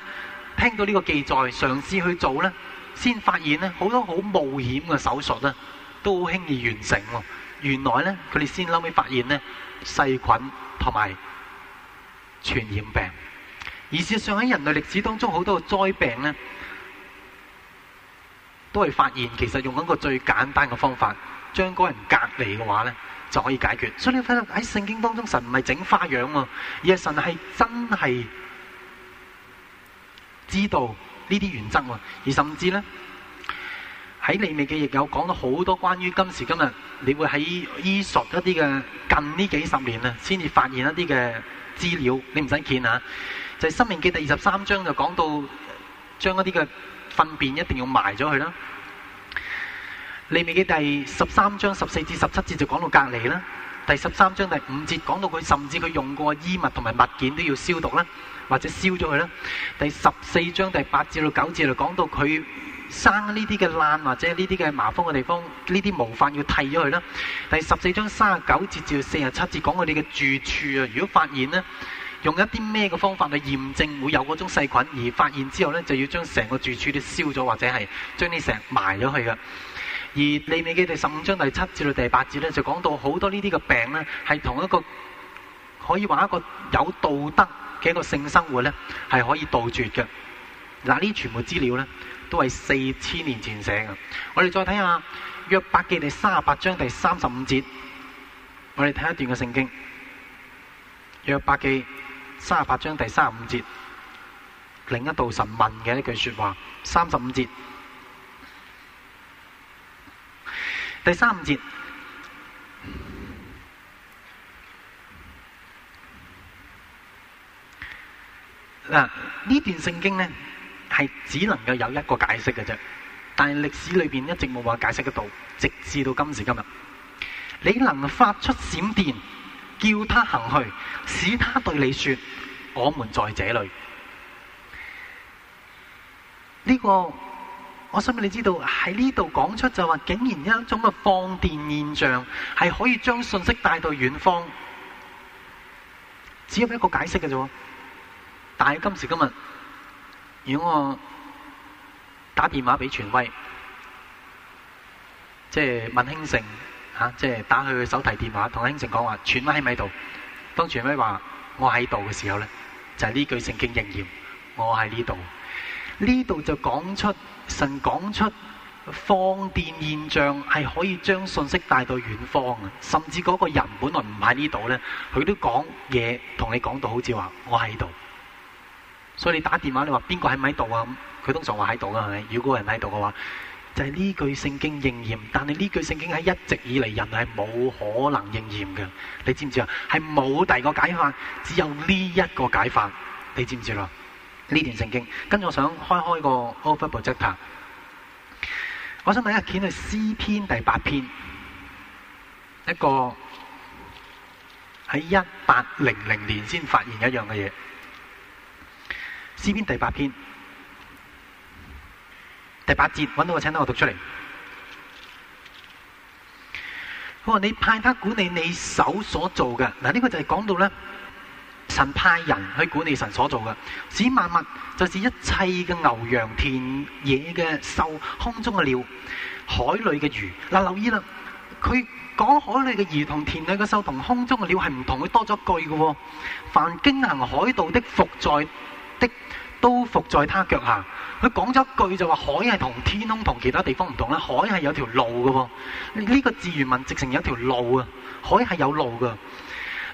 聽到呢個記載，嘗試去做呢，先發現呢，好多好冒險嘅手術呢都好輕易完成喎。原來呢，佢哋先諗起發現呢細菌同埋傳染病。而事實上喺人類歷史當中，好多嘅災病呢，都係發現其實用一個最簡單嘅方法，將嗰人隔離嘅話呢。就可以解決，所以你睇到喺聖經當中，神唔係整花樣喎，而係神係真係知道呢啲原則喎，而甚至咧喺利未記亦有講咗好多關於今時今日，你會喺醫術一啲嘅近呢幾十年啊，先至發現一啲嘅資料，你唔使見啊，在、就係、申命記第二十三章就講到將一啲嘅糞便一定要埋咗佢啦。你未記第十三章十四至十七節就講到隔離啦。第十三章第五節講到佢甚至佢用過衣物同埋物件都要消毒啦，或者燒咗佢啦。第十四章第八至到九節就講到佢生呢啲嘅爛或者呢啲嘅麻風嘅地方，呢啲毛髮要剃咗佢啦。第十四章三十九節至四十七節講佢哋嘅住處啊，如果發現呢，用一啲咩嘅方法去驗證會有嗰種細菌，而發現之後呢，就要將成個住處都燒咗，或者係將啲成埋咗佢噶。而利未記第十五章第七至到第八節咧，就講到好多這些呢啲嘅病咧，係同一個可以話一個有道德嘅一個性生活咧，係可以杜絕嘅。嗱，呢全部資料咧，都係四千年前寫嘅。我哋再睇下約伯記第三十八章第三十五節，我哋睇一段嘅聖經。約伯記三十八章第三十五節，另一道神問嘅一句說話，三十五節。第三節，嗱呢段聖經呢係只能夠有一個解釋嘅啫，但係歷史裏邊一直冇話解釋得到，直至到今時今日，你能發出閃電，叫他行去，使他對你說：我們在這裏呢、這個。我想你知道喺呢度講出就話竟然有一種放電現象是可以將信息帶到遠方，只有一個解釋嘅。但是今時今日，如果我打電話畀全威，即係問興盛，吓、啊，即係打佢嘅手提電話，同興盛講話，全威喺唔喺度？當全威話我喺度嘅時候咧，就係呢句聖經應驗，我喺呢度呢度就講出神講出放電現象係可以將信息帶到遠方啊，甚至嗰個人本來唔喺呢度呢。佢都講嘢同你講到好似話我喺度，所以你打電話你話邊個喺唔喺度啊？佢通常話喺度啊。係咪？如果嗰個人喺度嘅話，就係呢句聖經應驗。但係呢句聖經喺一直以嚟人係冇可能應驗嘅，你知唔知啊？係冇第二個解法，只有呢一個解法，你知唔知啦？呢段聖經，跟住我想開開個 overproject 啊！我想睇下卷嘅詩篇第八篇，八一個喺一八零零年先發現一樣嘅嘢。詩篇第八篇第八節，揾到個清單，我讀出嚟。佢話你派他管理你，你手所做嘅，嗱、這、呢個就係講到咧。神派人去管理神所做嘅，使萬物，就是一切嘅牛羊田野嘅獸，空中嘅鳥，海裏嘅魚。嗱，留意啦，佢講海裏嘅魚同田裏嘅獸同空中嘅鳥係唔同，佢多咗句嘅。凡經行海道的、伏在的、都伏在他腳下。佢講咗一句就話海係同天空同其他地方唔同啦，海係有條路嘅。呢個字原文直情有條路啊，海係有路嘅。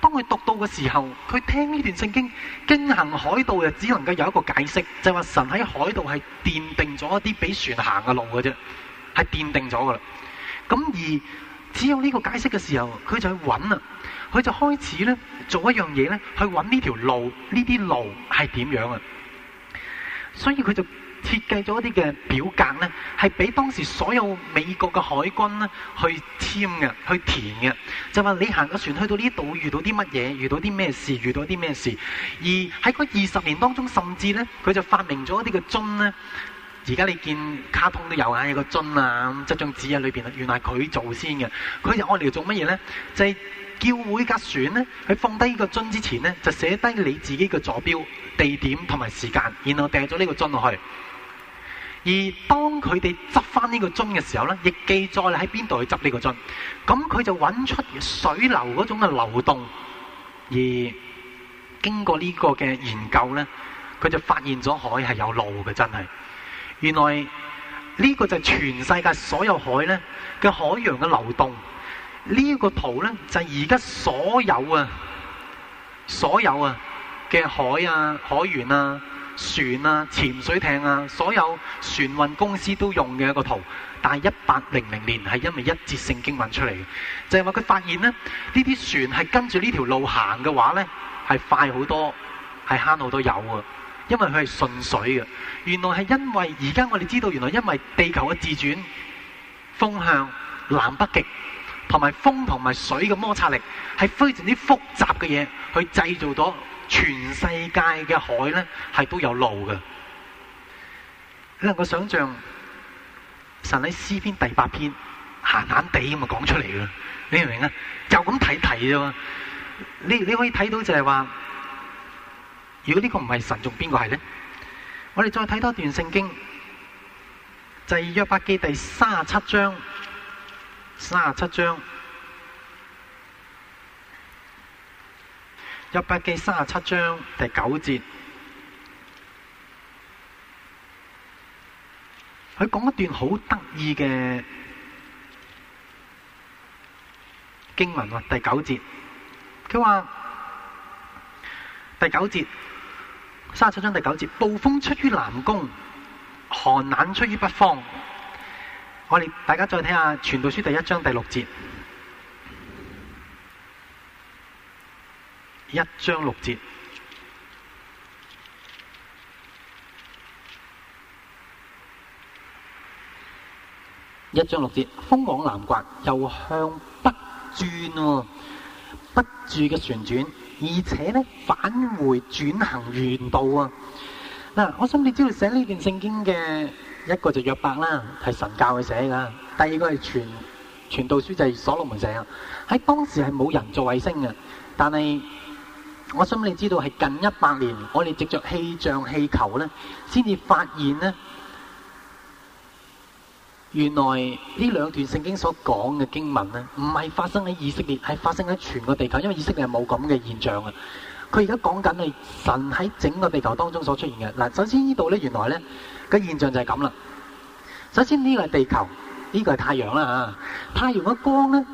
當佢讀到嘅時候，佢聽呢段聖經經行海道，就只能夠有一個解釋，就係話神喺海度係奠定咗一啲俾船行嘅路嘅啫，係奠定咗噶啦。咁而只有呢個解釋嘅時候，佢就去揾啦，佢就開始咧做一樣嘢咧，去揾呢條路呢啲路係點樣啊？所以佢就。設計咗一啲嘅表格咧，係俾當時所有美國嘅海軍咧去簽嘅、去填嘅，就話你行個船去到呢度遇到啲乜嘢、遇到啲咩事、遇到啲咩事。而喺嗰二十年當中，甚至咧佢就發明咗一啲嘅樽咧。而家你見卡通都有啊，有個樽啊，執張紙啊裏邊啊，原來佢做先嘅。佢用嚟做乜嘢咧？就係叫每架船咧，佢放低呢個樽之前咧，就寫低你自己嘅座標、地點同埋時間，然後掟咗呢個樽落去。而當佢哋執翻呢個樽嘅時候咧，亦記載喺邊度去執呢個樽。咁佢就揾出水流嗰種嘅流動，而經過呢個嘅研究咧，佢就發現咗海係有路嘅，真係。原來呢個就係全世界所有海咧嘅海洋嘅流動。呢個圖咧就係而家所有啊，所有啊嘅海啊，海源啊。船啊，潛水艇啊，所有船運公司都用嘅一個圖，但係一八零零年係因為一節聖經揾出嚟嘅，就係話佢發現咧呢啲船係跟住呢條路行嘅話咧係快好多，係慳好多油啊，因為佢係順水嘅。原來係因為而家我哋知道，原來因為地球嘅自轉、風向、南北極同埋風同埋水嘅摩擦力係非常之複雜嘅嘢去製造咗。全世界嘅海咧，係都有路嘅。你能夠想象神喺詩篇第八篇，閒閒地咁啊講出嚟嘅，你明唔明啊？就咁睇睇啫。你你可以睇到就係話，如果呢個唔係神，仲邊個係咧？我哋再睇多段聖經，就係約伯記第三十七章，三十七章。約伯記三十七章第九節，佢講一段好得意嘅經文喎。第九節，佢話第九節，三十七章第九節，暴風出於南宮，寒冷出於北方。我哋大家再睇下《傳道書》第一章第六節。一章六節，一章六節，風往南刮，又向北轉哦,哦，不住嘅旋轉，而且呢返回轉行原道啊！嗱，我想你知道你寫呢段聖經嘅一個就約伯啦，係神教佢寫㗎；第二個係傳傳道書，就係所羅門寫啊。喺當時係冇人造衛星嘅，但係。我想你知道係近一百年，我哋藉着氣象氣球呢，先至發現呢，原來呢兩段聖經所講嘅經文呢，唔係發生喺以色列，係發生喺全個地球，因為以色列係冇咁嘅現象啊。佢而家講緊係神喺整個地球當中所出現嘅。嗱。首先呢度呢，原來呢個現象就係咁啦。首先呢個係地球，呢個係太陽啦，太陽嘅光呢。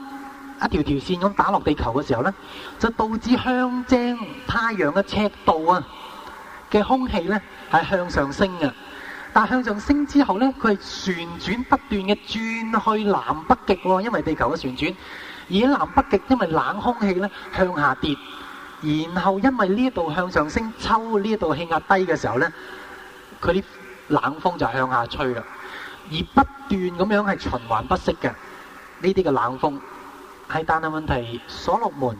一條條線咁打落地球嘅時候咧，就導致向正、太陽嘅赤道啊嘅空氣咧係向上升嘅，但向上升之後咧，佢係旋轉不斷嘅轉去南北極喎，因為地球嘅旋轉，而喺南北極因為冷空氣咧向下跌，然後因為呢一度向上升抽呢一度氣壓低嘅時候咧，佢啲冷風就向下吹啦，而不斷咁樣係循環不息嘅呢啲嘅冷風。喺單啊！問題鎖落門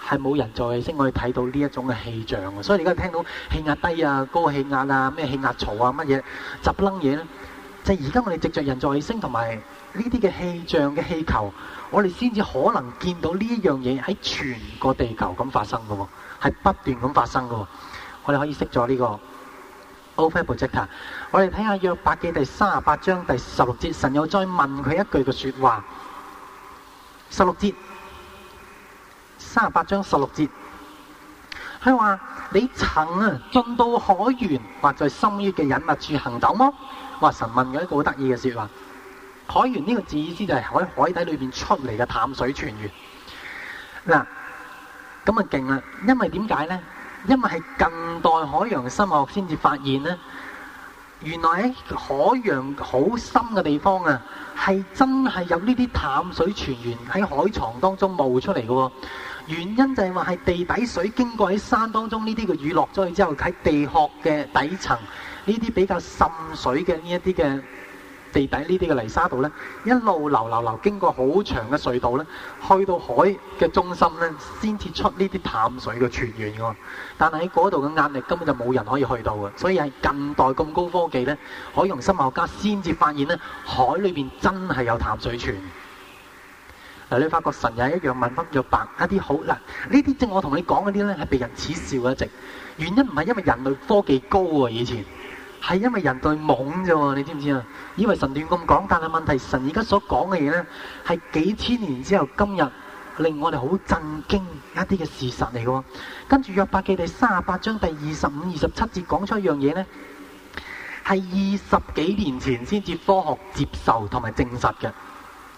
係冇人造氣聲，我哋睇到呢一種嘅氣象。所以而家聽到氣壓低啊、高氣壓啊、咩氣壓槽啊、乜嘢雜燴嘢咧，即係而家我哋藉着人造氣聲同埋呢啲嘅氣象嘅氣球，我哋先至可能見到呢一樣嘢喺全個地球咁發生嘅喎，係不斷咁發生嘅喎。我哋可以識咗呢個 Open 我哋睇下約伯記第三十八章第十六節，神又再問佢一句嘅説話。十六節，三十八章十六節，佢話你曾啊進到海源或在深淵嘅隱密處行走嗎？哇！神問咗一個好得意嘅說話。海源呢個字意思就係海海底裏邊出嚟嘅淡水泉源。嗱、啊，咁啊勁啦！因為點解咧？因為係近代海洋生物學先至發現咧。原來喺海洋好深嘅地方啊，係真係有呢啲淡水泉源喺海床當中冒出嚟嘅喎。原因就係話係地底水經過喺山當中呢啲嘅雨落咗去之後，喺地殼嘅底層呢啲比較滲水嘅呢一啲嘅。地底呢啲嘅泥沙度呢，一路流流流，經過好長嘅隧道呢，去到海嘅中心呢，先至出呢啲淡水嘅泉源喎。但係喺嗰度嘅壓力根本就冇人可以去到嘅，所以喺近代咁高科技呢，海洋生物學家先至發現呢，海裏面真係有淡水泉。嗱，你發覺神也一樣問翻，若白一啲好。嗱，呢啲正我同你講嗰啲呢，係被人恥笑嘅一直，原因唔係因為人類科技高啊，以前。係因為人在懵啫，你知唔知啊？以為神亂咁講，但係問題是神而家所講嘅嘢呢，係幾千年之後今日令我哋好震驚一啲嘅事實嚟嘅。跟住約伯記第三十八章第二十五、二十七節講出一樣嘢呢，係二十幾年前先至科學接受同埋證實嘅，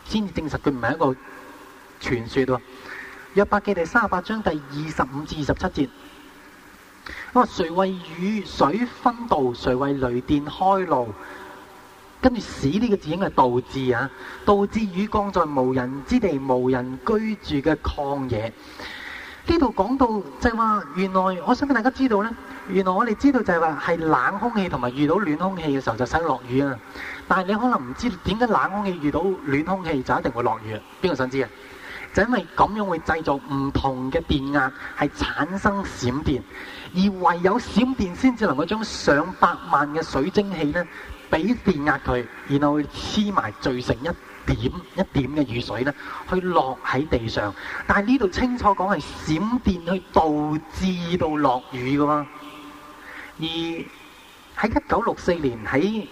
先至證實佢唔係一個傳說。約伯記第三十八章第二十五至二十七節。我話誰為雨水分道，誰為雷電開路？跟住使呢個字應該係導致啊，導致雨降在無人之地，無人居住嘅曠野。呢度講到就係話，原來我想俾大家知道呢，原來我哋知道就係話係冷空氣同埋遇到暖空氣嘅時候就使落雨啊。但係你可能唔知點解冷空氣遇到暖空氣就一定會落雨啊？邊個想知啊？就因為咁樣會製造唔同嘅電壓，係產生閃電。而唯有閃電先至能夠將上百萬嘅水蒸氣呢，俾電壓佢，然後去黐埋聚成一點一點嘅雨水呢，去落喺地上。但係呢度清楚講係閃電去導致到落雨㗎嘛。而喺一九六四年喺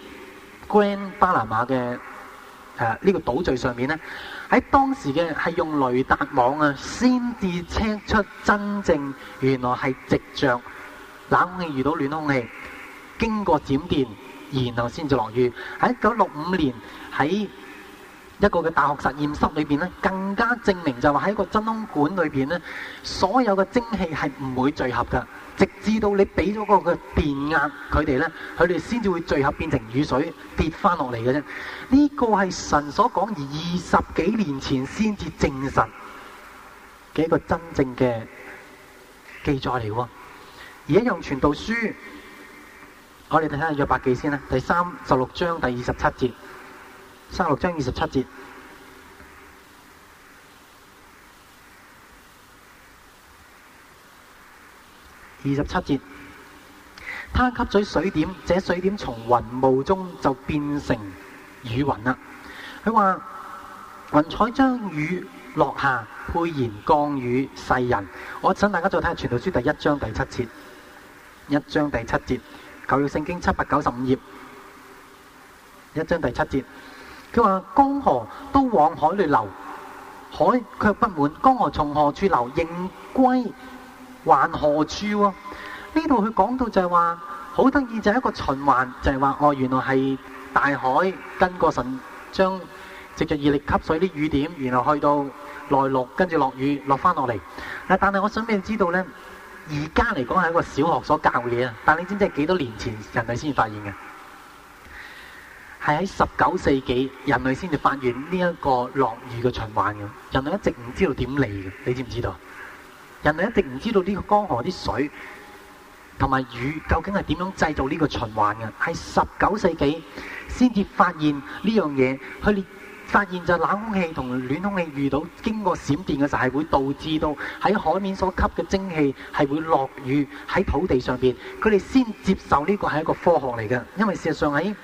Grand 巴拿馬嘅誒呢個島最上面呢。喺當時嘅係用雷達網啊，先至測出真正原來係直着冷空氣遇到暖空氣，經過閃電，然後先至落雨。喺一九六五年喺一個嘅大學實驗室裏邊咧，更加證明就話喺個真空管裏邊咧，所有嘅蒸汽係唔會聚合㗎。直至到你畀咗嗰個電壓，佢哋咧，佢哋先至會聚合變成雨水，跌翻落嚟嘅啫。呢個係神所講，二十幾年前先至證實嘅一個真正嘅記載嚟喎。而喺《傳道書》，我哋睇下約伯記先啦，第三十六章第二十七節，三十六章二十七節。二十七節，他吸取水點，這水點從雲霧中就變成雨雲啦。佢話雲彩將雨落下，沛然降雨世人。我請大家再睇下傳道書第一章第七節，一章第七節，舊約聖經七百九十五頁，一章第七節。佢話江河都往海裏流，海却不滿，江河從何處流，仍歸還何處喎、哦？呢度佢講到就係話，好得意就係、是、一個循環，就係、是、話哦，原來係大海跟個神將藉着熱力吸水啲雨點，然後去到內陸，跟住落雨，落翻落嚟。但係我想俾你知道呢，而家嚟講係一個小學所教嘅嘢啊，但你知唔知幾多年前人類先發現嘅？係喺十九世紀人類先至發現呢一個落雨嘅循環嘅，人類一直唔知道點嚟嘅，你知唔知道？人類一直唔知道呢個江河啲水同埋雨究竟係點樣製造呢個循環嘅？係十九世紀先至發現呢樣嘢，佢哋發現就係冷空氣同暖空氣遇到經過閃電嘅時候，係會導致到喺海面所吸嘅蒸氣係會落雨喺土地上邊。佢哋先接受呢個係一個科學嚟嘅，因為事實上喺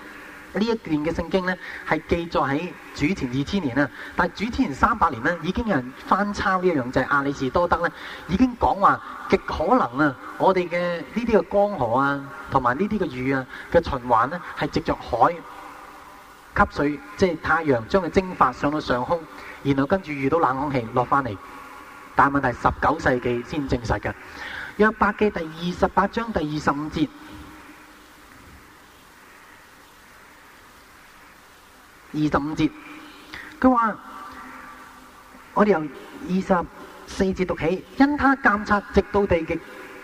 呢一段嘅聖經呢，係記載喺主前二千年啦。但係主前三百年呢，已經有人翻抄呢一樣，就係亞里士多德呢已經講話極可能啊，我哋嘅呢啲嘅江河啊，同埋呢啲嘅雨啊嘅循環呢，係藉着海吸水，即係太陽將佢蒸發上到上空，然後跟住遇到冷空氣落翻嚟。但係問題十九世紀先證實嘅。約伯記第二十八章第二十五節。二十五節，佢話：我哋由二十四節讀起，因他監察直到地極，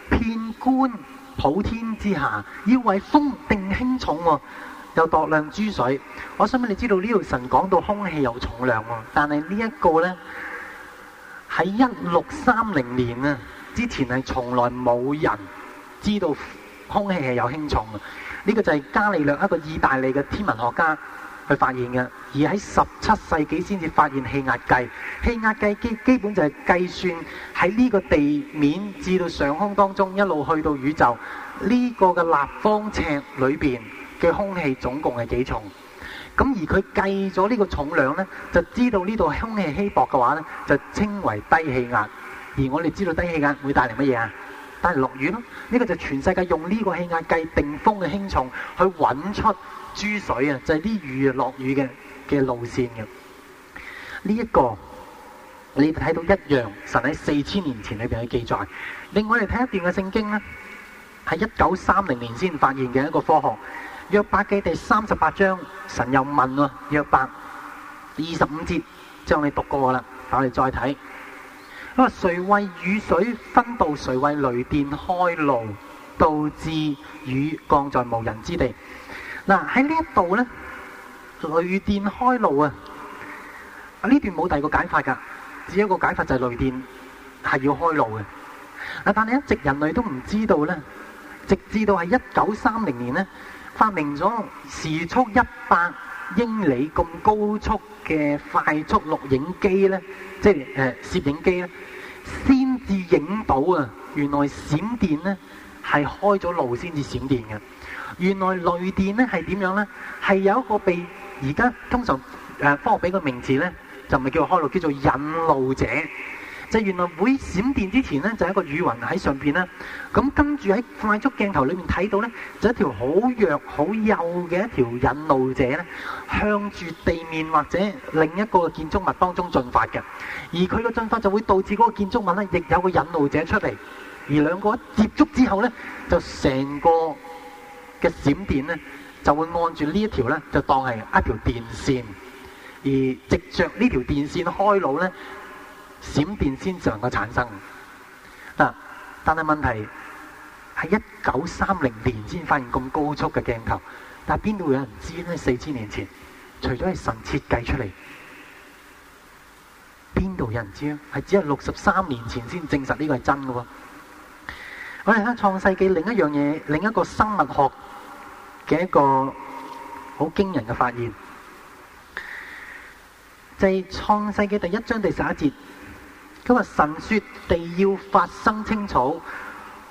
遍觀普天之下，要為風定輕重又、啊、度量諸水，我想畀你知道呢？條、這個、神講到空氣有重量、啊、但係呢一個呢，喺一六三零年啊之前係從來冇人知道空氣係有輕重嘅、啊。呢、這個就係伽利略一個意大利嘅天文學家。去發現嘅，而喺十七世紀先至發現氣壓計。氣壓計基基本就係計算喺呢個地面至到上空當中，一路去到宇宙呢個嘅立方尺裏邊嘅空氣總共係幾重。咁而佢計咗呢個重量呢，就知道呢度空氣稀薄嘅話呢，就稱為低氣壓。而我哋知道低氣壓會帶嚟乜嘢啊？帶嚟落雨咯。呢個就全世界用呢個氣壓計定風嘅輕重去揾出。珠水啊，就係、是、啲雨落雨嘅嘅路線嘅。呢、這、一個你睇到一樣，神喺四千年前裏邊嘅記載。另外我哋睇一段嘅聖經呢係一九三零年先發現嘅一個科學。約伯記第三十八章，神又問約伯二十五節，之後我哋讀過啦，我哋再睇。咁啊，誰為雨水分道，誰為雷電開路，導致雨降在無人之地？嗱，喺呢一度咧，雷電開路啊！啊，呢段冇第二個解法噶，只一個解法就係雷電係要開路嘅。啊，但係一直人類都唔知道咧，直至到係一九三零年咧，發明咗時速一百英里咁高速嘅快速錄影機咧，即係誒攝影機咧，先至影到啊！原來閃電咧係開咗路先至閃電嘅。原來雷電咧係點樣呢？係有一個被而家通常誒科學俾個名字呢，就唔係叫開路，叫做引路者。就原來每閃電之前呢，就有一個雨雲喺上邊啦。咁跟住喺快速鏡頭裏面睇到呢，就一條好弱好幼嘅一條引路者呢，向住地面或者另一個建築物當中進發嘅。而佢個進發就會導致嗰個建築物呢，亦有一個引路者出嚟。而兩個一接觸之後呢，就成個嘅閃電咧，就會按住呢一條咧，就當係一條電線，而直著呢條電線開路咧，閃電先至能夠產生。嗱，但係問題係一九三零年先發現咁高速嘅鏡頭，但係邊度有人知咧？四千年前，除咗係神設計出嚟，邊度有人知？係只有六十三年前先證實呢個係真嘅喎。我哋睇創世記另一樣嘢，另一個生物學嘅一個好驚人嘅發現，就係創世記第一章第十一節：今日神説地要發生青草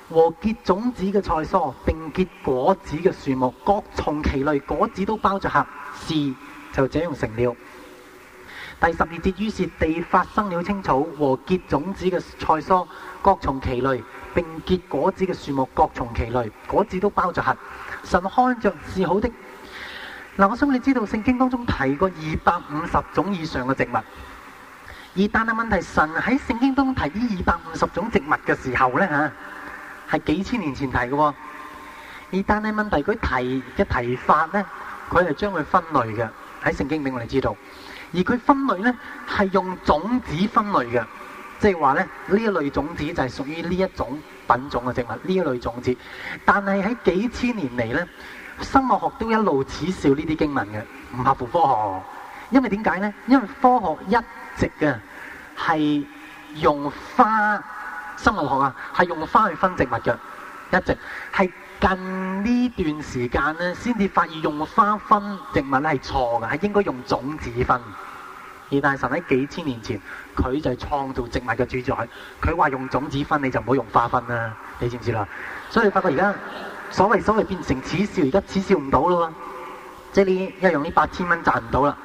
和結種子嘅菜蔬，並結果子嘅樹木，各從其類；果子都包着核，事就這樣成了。第十二節：於是地發生了青草和結種子嘅菜蔬，各從其類；並結果子嘅樹木，各從其類；果子都包着核。神看着是好的。嗱，我想你知道聖經當中提過二百五十種以上嘅植物，而但係問題，神喺聖經當中提呢二百五十種植物嘅時候咧吓，係幾千年前提嘅，而但係問題，佢提嘅提法咧，佢係將佢分類嘅，喺聖經俾我哋知道，而佢分類咧係用種子分類嘅。即係話咧，呢一類種子就係屬於呢一種品種嘅植物，呢一類種子。但係喺幾千年嚟咧，生物學都一路恥笑呢啲經文嘅，唔合乎科學。因為點解咧？因為科學一直嘅係用花，生物學啊係用花去分植物嘅，一直係近呢段時間咧先至發現用花分植物係錯嘅，係應該用種子分。二大神喺幾千年前，佢就係創造植物嘅主宰。佢話用種子分，你就唔好用花分啦。你知唔知道？所以發覺而家所謂所謂變成恥笑，而家恥笑唔到咯。即係你又用呢八千蚊賺唔到啦。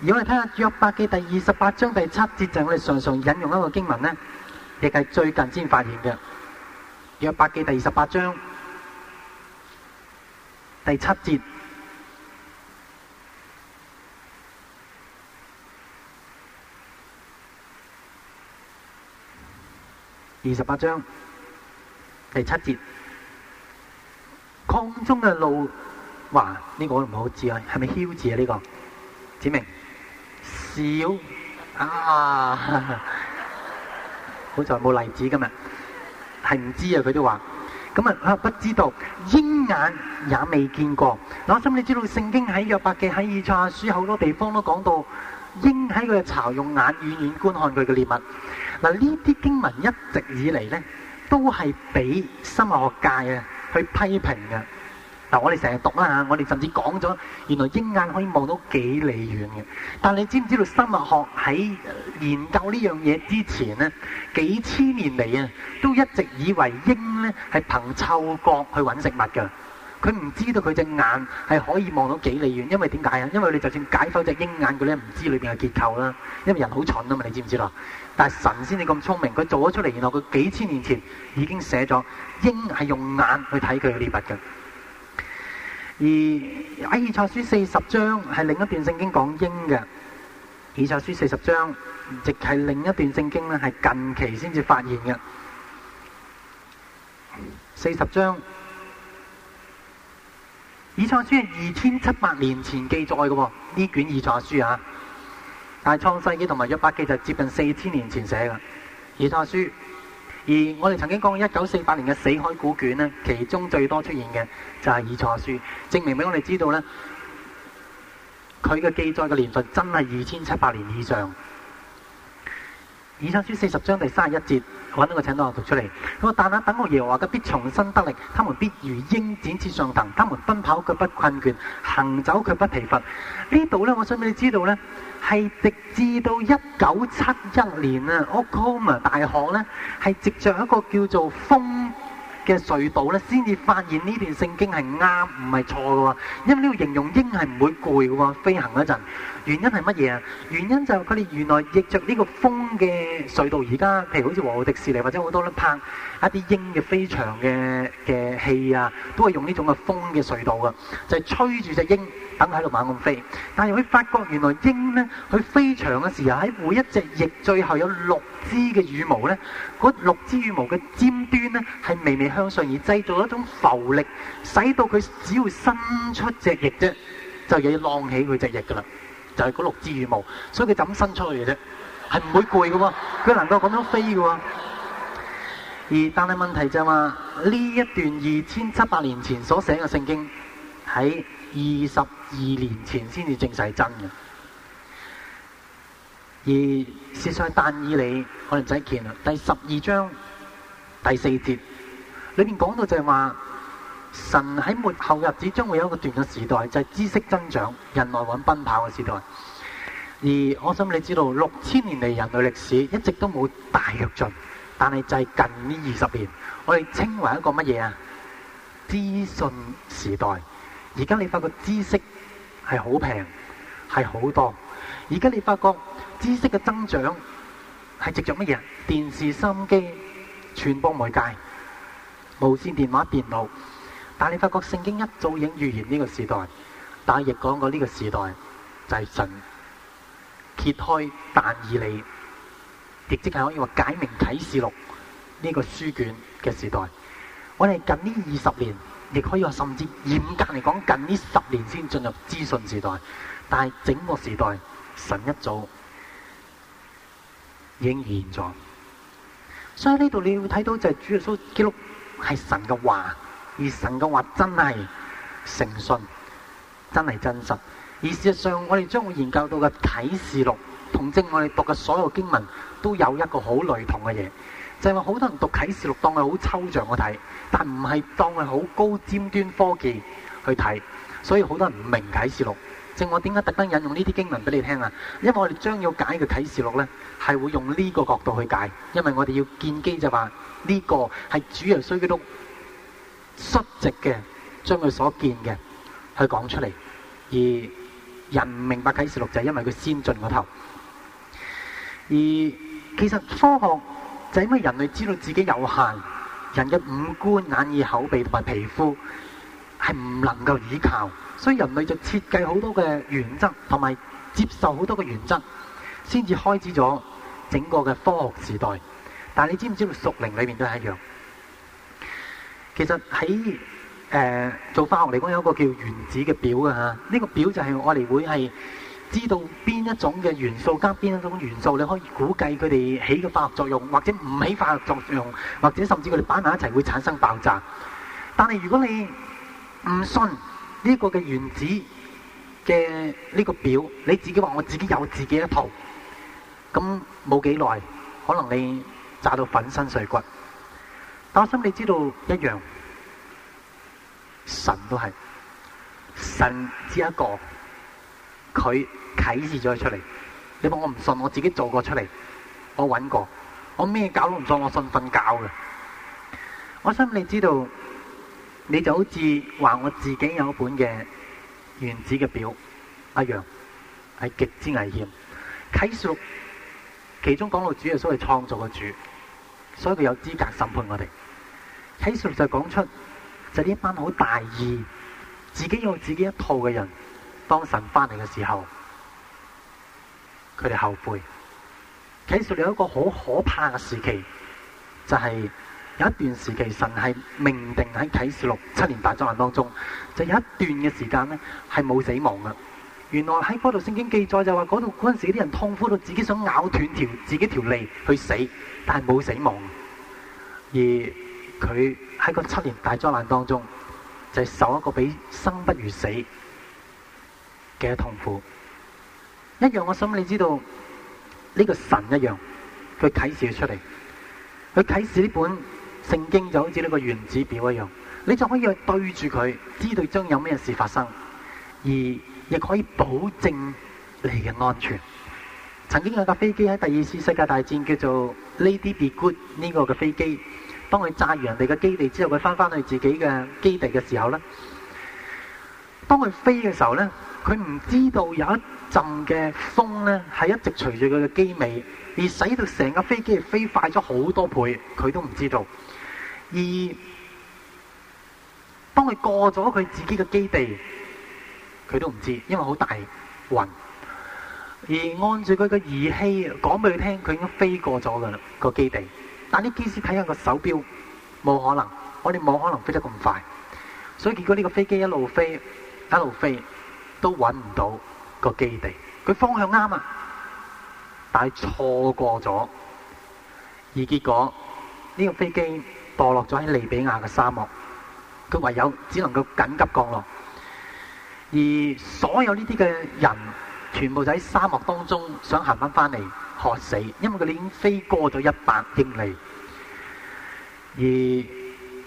如果我哋睇下約伯記第二十八章第七節，就係、我哋常常引用的一個經文咧，亦係最近先發現嘅。約伯記第二十八章第七節。二十八章第七節，空中嘅路，哇！呢個我唔好知啊，係咪囂字啊？呢個指明，少啊！好在冇例子今日，係唔知啊？佢都話，咁啊，不知道，鷹眼也未見過。嗱，咁你知道聖經喺約伯記喺以賽亞書好多地方都講到，鷹喺佢嘅巢用眼遠遠觀看佢嘅獵物。.嗱，呢啲經文一直以嚟呢，都係俾生物學界啊去批評嘅。嗱，我哋成日讀啦，我哋甚至講咗，原來鷹眼可以望到幾里遠嘅。但你知唔知道生物學喺研究呢樣嘢之前咧，幾千年嚟啊，都一直以為鷹呢係憑嗅覺去揾食物嘅。佢唔知道佢隻眼係可以望到幾里遠，因為點解啊？因為你就算解剖隻鷹眼，佢咧唔知裏邊嘅結構啦。因為人好蠢啊嘛，你知唔知道？但是神先至咁聰明，佢做咗出嚟，然後佢幾千年前已經寫咗鷹係用眼去睇佢嘅獵物嘅。而《以、哎、賽書》四十章係另一段聖經講鷹嘅，《以賽書》四十章亦係另一段聖經咧，係近期先至發現嘅。四十章，《以賽書》係二千七百年前記載嘅喎，呢卷《以賽書》啊。但係創世紀同埋約伯記就是接近四千年前寫嘅，以賽亞書。而我哋曾經講過一九四八年嘅死海古卷呢,、其中最多出現嘅就係以賽亞書，證明俾我哋知道咧，佢嘅記載嘅年份真係二千七百年以上。以賽亞書四十章第三十一節。揾到個診斷我讀出嚟，咁話但係等我耶和華嘅必重新得力，他們必如鷹展翅上騰，他們奔跑佢不困倦，行走佢不疲乏。呢度咧，我想俾你知道咧，係直至到一九七一年啊 Oklahoma 大學咧，係藉著一個叫做風。嘅隧道咧，先至發現呢段聖經係啱，唔係錯嘅喎。因為呢個形容鷹係唔會攰嘅喎，飛行嗰陣，原因係乜嘢啊？原因就係佢哋原來逆著呢個風嘅隧道，而家譬如好似華僑迪士尼或者好多咧拍一啲鷹嘅飛翔嘅嘅戲啊，都係用呢種嘅風嘅隧道嘅，就係吹住隻鷹。等喺度猛咁飛，但係佢發覺原來鷹呢，佢飛翔嘅時候喺每一隻翼最後有六支嘅羽毛呢，嗰六支羽毛嘅尖端呢,係微微向上，而製造一種浮力，使到佢只要伸出隻翼啫，就又要浪起佢隻翼噶啦，就係、是、嗰六支羽毛，所以佢就咁伸出去嘅啫，係唔會攰㗎喎，佢能夠咁樣飛㗎喎。而但係問題就係話呢一段二千七百年前所寫嘅聖經喺。二十二年前先至正式真嘅，而事實上但以理，我哋仔見第十二章第四節裏面講到就係話，神喺末後日子將會有一個段嘅時代，就係、是、知識增長、人來搵奔跑嘅時代。而我想你知道，六千年嚟人類歷史一直都冇大躍進，但係就係近呢二十年，我哋稱為一個乜嘢啊？資訊時代。而家你發覺知識係好平，係好多。而家你發覺知識嘅增長係藉著乜嘢？電視、收音機、傳播媒介、無線電話、電腦。但你發覺聖經一早已經預言呢個時代，但亦講過呢個時代就係、是、神揭開但以理，亦即係可以話解明啟示錄呢個書卷嘅時代。我哋近呢二十年。亦可以話，甚至嚴格嚟講，近呢十年先進入資訊時代，但係整個時代神一早已經現咗。所以呢度你會睇到就係主耶穌記錄係神嘅話，而神嘅話真係誠信，真係真實。而事實上，我哋將會研究到嘅啟示錄同正我哋讀嘅所有經文都有一個好雷同嘅嘢，就係話好多人讀啟示錄當係好抽象我睇。但唔係當係好高尖端科技去睇，所以好多人唔明啟示錄。正我點解特登引用呢啲經文俾你聽啊？因為我哋將要解嘅啟示錄呢，係會用呢個角度去解，因為我哋要見機就話呢個係主耶穌基督率直嘅，將佢所見嘅去講出嚟。而人唔明白啟示錄就係因為佢先進過頭。而其實科學就係因為人類知道自己有限。人嘅五官、眼耳口鼻同埋皮膚係唔能夠倚靠，所以人類就設計好多嘅原則，同埋接受好多嘅原則，先至開始咗整個嘅科學時代。但係你知唔知道，熟齡裏面都係一樣。其實喺誒、呃、做化學嚟講，有一個叫原子嘅表啊，呢、呢個表就係我哋會係。知道邊一種嘅元素加邊一種元素，你可以估計佢哋起嘅化學作用，或者唔起化學作用，或者甚至佢哋擺埋一齊會產生爆炸。但係如果你唔信呢個嘅原子嘅呢個表，你自己話我自己有自己一套，咁冇幾耐，可能你炸到粉身碎骨。但我想你知道一樣，神都係神，只一個。佢啟示咗出嚟，你話我唔信，我自己做過出嚟，我揾過，我咩搞都唔信，我信瞓覺嘅。我想你知道，你就好似話我自己有一本嘅原子嘅表一樣，係極之危險。啟示其中講到主要係所謂創造嘅主，所以佢有資格審判我哋。啟示就講出就呢班好大意，自己有自己一套嘅人。當神翻嚟嘅時候，佢哋後悔。啟示錄有一個好可怕嘅時期，就係、是、有一段時期神係命定喺啟示錄七年大災難當中，就有一段嘅時間呢係冇死亡嘅。原來喺嗰度聖經記載就話嗰度嗰陣時啲人痛苦到自己想咬斷條自己條脷去死，但係冇死亡。而佢喺個七年大災難當中就係、受一個比生不如死，嘅痛苦。一樣，我想你知道呢個神一樣，佢啟示咗出嚟，佢啟示呢本聖經就好似呢個原子表一樣，你就可以對住佢，知道將有咩事發生，而亦可以保證你嘅安全。曾經有架飛機喺第二次世界大戰叫做 Lady Be Good 呢個嘅飛機，當佢炸完人哋嘅基地之後，佢翻返去自己嘅基地嘅時候咧，當佢飛嘅時候咧。佢唔知道有一陣嘅風咧，係一直隨住佢嘅機尾，而使到成個飛機飛快咗好多倍。佢都唔知道。而當佢過咗佢自己嘅基地，佢都唔知，因為好大雲。而按住佢嘅儀器講俾佢聽，佢已經飛過咗噶啦個基地。但啲機師睇下個手錶，冇可能，我哋冇可能飛得咁快。所以結果呢個飛機一路飛，一路飛，一路飛都揾唔到個基地，佢方向啱啊，但係錯過咗，而結果呢個飛機墮落咗喺利比亞嘅沙漠，佢唯有只能夠緊急降落，而所有呢啲嘅人，全部就喺沙漠當中想行翻翻嚟渴死，因為佢哋已經飛過咗一百英里，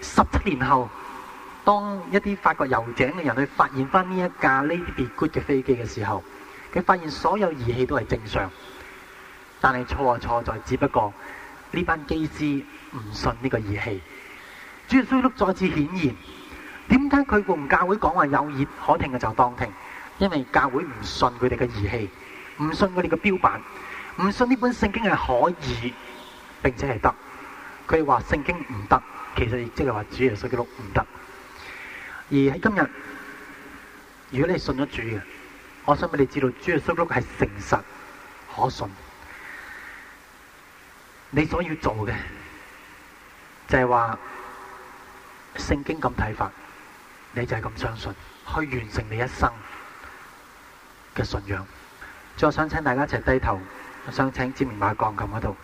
而十七年後。當一啲法國遊井嘅人去發現翻呢一架呢啲 de good 嘅飛機嘅時候，佢發現所有儀器都係正常，但係錯就錯在，只不過呢班機師唔信呢個儀器。主耶穌基督再次顯現，點解佢同教會講話有耳可聽嘅就當聽？因為教會唔信佢哋嘅儀器，唔信佢哋嘅標板，唔信呢本聖經係可以並且係得。佢話聖經唔得，其實亦即係話主耶穌基督唔得。而喺今日，如果你信咗主嘅，我想畀你知道，主耶穌基督係誠實可信。你所要做嘅，就係、是、話聖經咁睇法，你就係咁相信，去完成你一生嘅信仰。最後，想請大家一齊低頭，我想請志明馬鋼琴嗰度。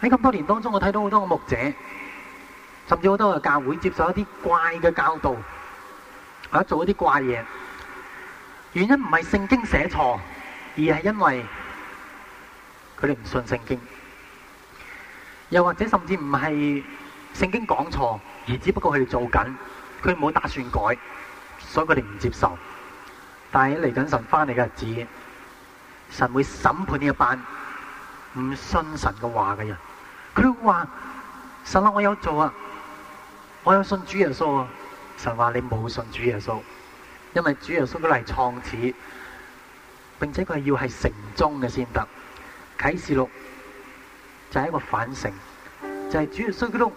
喺咁多年當中，我睇到好多個牧者，甚至好多個教會接受一啲怪嘅教導，或者做一啲怪嘢。原因唔係聖經寫錯，而係因為佢哋唔信聖經。又或者甚至唔係聖經講錯，而只不過佢哋做緊，佢冇打算改，所以佢哋唔接受。但係嚟緊神返嚟嘅日子，神會審判呢一班唔信神嘅話嘅人。佢都話神、啊、我有做啊！我有信主耶穌啊！神話、啊、你冇信主耶穌，因為主耶穌佢係創始，並且佢係要係成終嘅先得。啟示錄就係一個反省，就係、是、主耶穌基督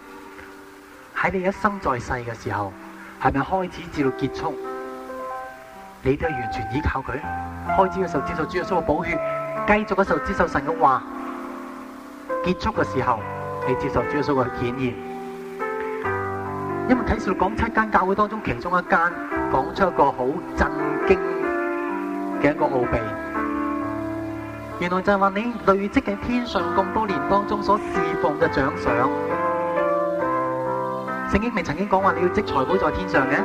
喺你一生在世嘅時候，係咪開始至到結束，你都係完全依靠佢？開始嘅時候接受主耶穌嘅寶血，繼續嘅時候接受神嘅話。結束嘅時候，你接受主耶穌嘅檢驗。因為啟示錄講七間教會當中其中一間講出一個好震驚嘅一個奧秘，原來就係話你累積喺天上咁多年當中所侍奉嘅獎賞。聖經明曾經講話你要積財寶在天上嘅，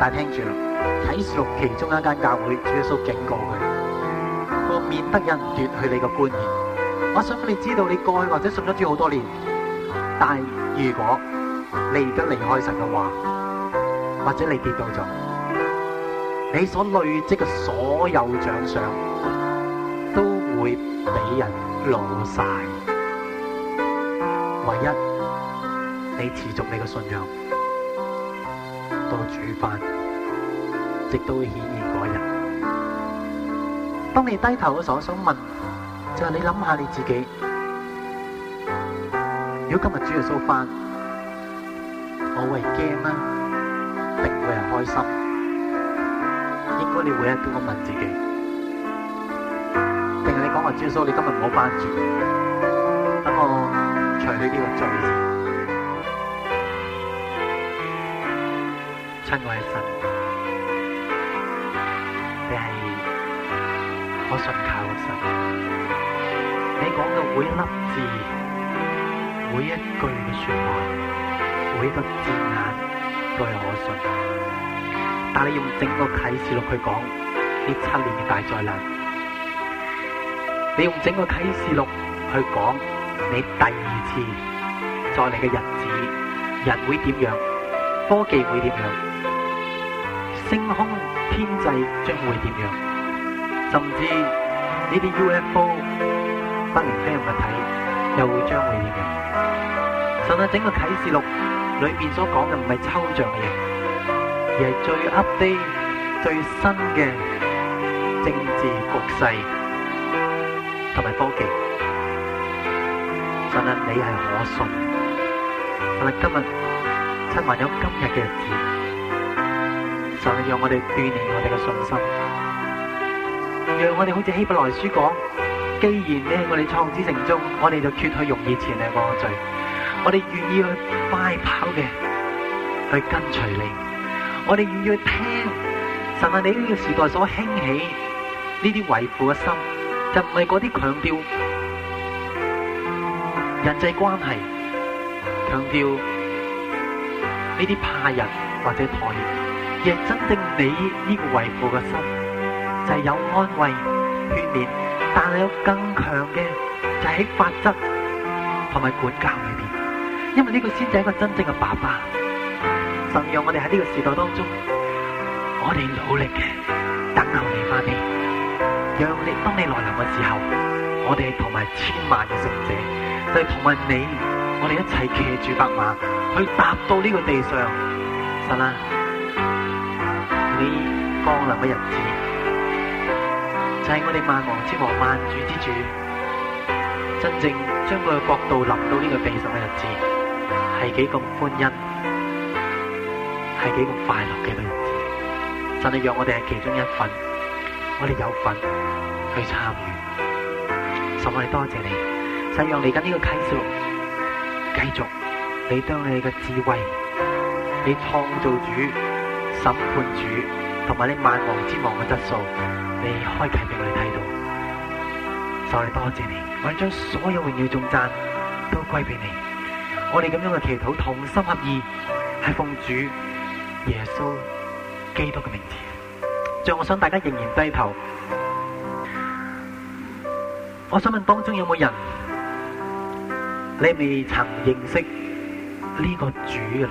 但係聽住啦，啟示錄其中一間教會，主耶穌警告佢，我免得人奪去你嘅冠冕。我想你知道，你過去或者信咗主好多年，但係如果你而家離開神嘅話，或者你跌倒咗，你所累積嘅所有獎賞都會俾人攞晒。唯一你持續你嘅信仰，到煮飯，直到顯現嗰日。當你低頭嘅時候，我想問。就係，是，你諗下你自己，如果今日主耶穌返，我會驚啦，定會係開心？應該你會一啲咁問自己？定係你講話主耶穌，你今日唔好返住，等我除去呢個罪。親愛嘅神，你係可信靠嘅神，講嘅每一粒字、每一句嘅說話、每一個字眼都係可信。但你用整個啟示錄去講呢七年嘅大災難，你用整個啟示錄去講你第二次再嚟嘅日子，人會點樣？科技會點樣？星空天際將會點樣？甚至呢啲 UFO？不明飛行物體又會將會點樣？神啊，整個啟示錄裏面所講嘅唔係抽象嘅嘢，而係最 update、最新嘅政治局勢同埋科技。神啊，你係可信。但係，今日親埋有今日嘅日子，神啊，讓我哋鍛鍊我哋嘅信心，讓我哋好似希伯來書講。既然你喺，我哋創始成終，我哋就決去容許前嘅過罪。我哋願意去快跑嘅，去跟隨你。我哋願意去聽神啊！你呢個時代所興起呢啲為父嘅心，就唔係嗰啲強調人際關係、強調呢啲怕人或者妥協，而係真正你呢個為父嘅心就係有安慰、勸勉。但係有更強嘅，就喺、是、法則同埋管教裏邊，因為呢個先至係一個真正嘅爸爸。神讓我哋喺呢個時代當中，我哋努力嘅等候你返嚟。讓你當你來臨嘅時候，我哋同埋千萬嘅聖者，就係同埋你，我哋一齊騎住白馬去踏到呢個地上。神啊，你降臨嘅日子！就係、是、我哋萬王之王、萬主之主，真正將佢嘅國度臨到呢個地上嘅日子，係幾咁歡欣，係幾咁快樂嘅一個日子。神你讓我哋係其中一份，我哋有份去參與。所以我哋多謝你，神、就是、讓嚟緊呢個啟示錄繼續，你當你嘅智慧、你創造主、審判主同埋你萬王之王嘅質素。你開啟俾我哋睇到，所以多謝你，我將所有榮耀頌讚，都歸俾你。我哋咁樣嘅祈禱，同心合意，係奉主耶穌基督嘅名字。像我想，大家仍然低頭，我想問當中有冇人，你未曾認識呢個主嘅呢？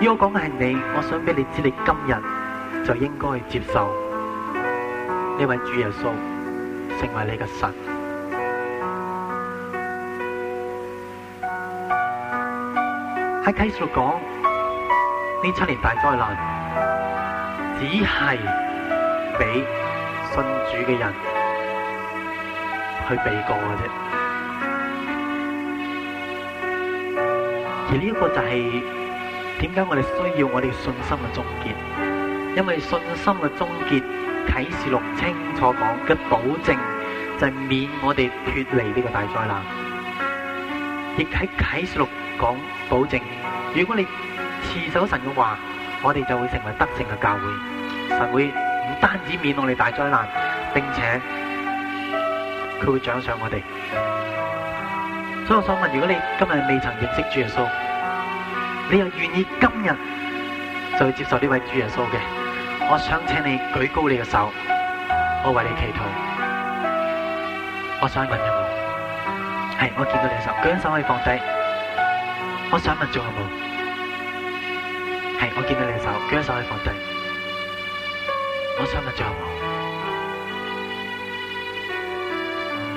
如果講嘅係你，我想俾你知，你今日。就應該接受呢位主耶穌成為你嘅神。喺繼續講呢七年大災難，只係俾信主嘅人去避過嘅啫。而呢一個就係點解我哋需要我哋信心嘅終結。因為信心嘅終結，啟示錄清楚講嘅保證就係免我哋脫離呢個大災難。亦喺啟示錄講保證，如果你持守神嘅話，我哋就會成為得勝嘅教會。神會唔單止免我哋大災難，並且佢會獎賞我哋。所以我想問：如果你今日未曾認識主耶穌，你又願意今日就去接受呢位主耶穌嘅？我想請你舉高你嘅手，我為你祈禱。我想問有冇，係我見到你的手，舉手可以放低。我想問仲有冇，係我見到你的手，舉手可以放低。我想問仲有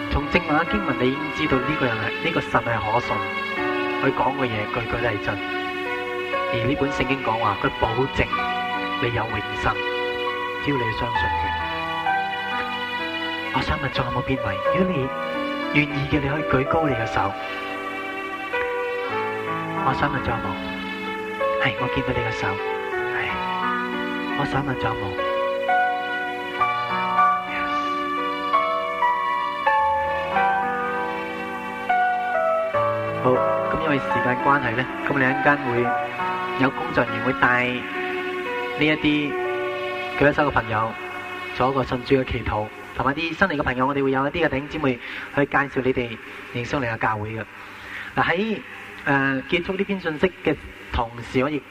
冇，從正文嘅經文，你已經知道呢個人係呢、呢個神係可信，佢講嘅嘢句句都係真，而呢本聖經講話佢保證。你有永生，只要你相信佢。我想問再冇邊位，如果你願意嘅，你可以舉高你嘅手。我想問再冇，係我見到你嘅手。係，我想問再冇。好，咁因為時間關係咧，咁你陣間會有工作人員會帶。呢一啲舉手嘅朋友，做一個信主嘅祈禱，同埋啲新嚟嘅朋友，我哋會有一啲嘅頂姊妹去介紹你哋認識我哋嘅教會嘅。嗱，喺誒結束呢篇信息嘅同時，我亦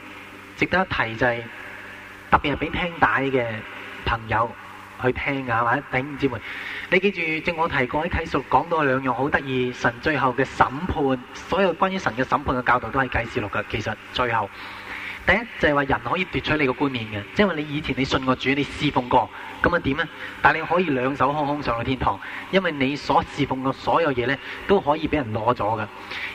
值得一提就係，特別係俾聽帶嘅朋友去聽啊，或者頂姊妹，你記住，正我提過喺啟示，講到兩樣好得意，神最後嘅審判，所有關於神嘅審判嘅教導都係啟示錄嘅。其實最後。第一就係話人可以奪取你個冠冕嘅，因為你以前你信個主，你侍奉過，咁啊點呢？但你可以兩手空空上到天堂，因為你所侍奉嘅所有嘢呢，都可以俾人攞咗嘅。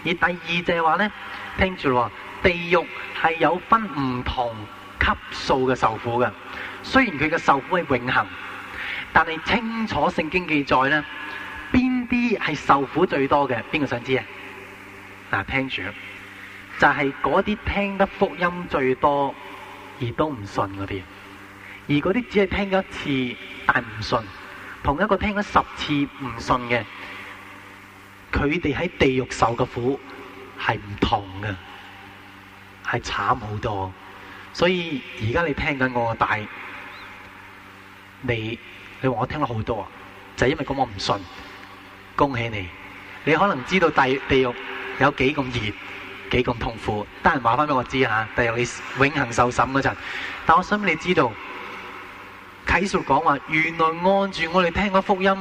而第二就係話呢，聽住咯，地獄係有分唔同級數嘅受苦嘅，雖然佢嘅受苦係永恆，但係清楚聖經記載呢，邊啲係受苦最多嘅？邊個想知啊？嗱，聽住。就係嗰啲聽得福音最多而都唔信嗰啲，而嗰啲只係聽咗一次但唔信，同一個聽咗十次唔信嘅，佢哋喺地獄受嘅苦係唔同嘅，係慘好多。所以而家你在聽緊我嘅帶，但你你話我聽咗好多，就係因為咁我唔信。恭喜你，你可能知道地地獄有幾咁熱。幾咁痛苦，得閒話翻俾我知吓。第日你永恒受審嗰陣，但我想你知道，啟示講話原來按住我哋聽嗰福音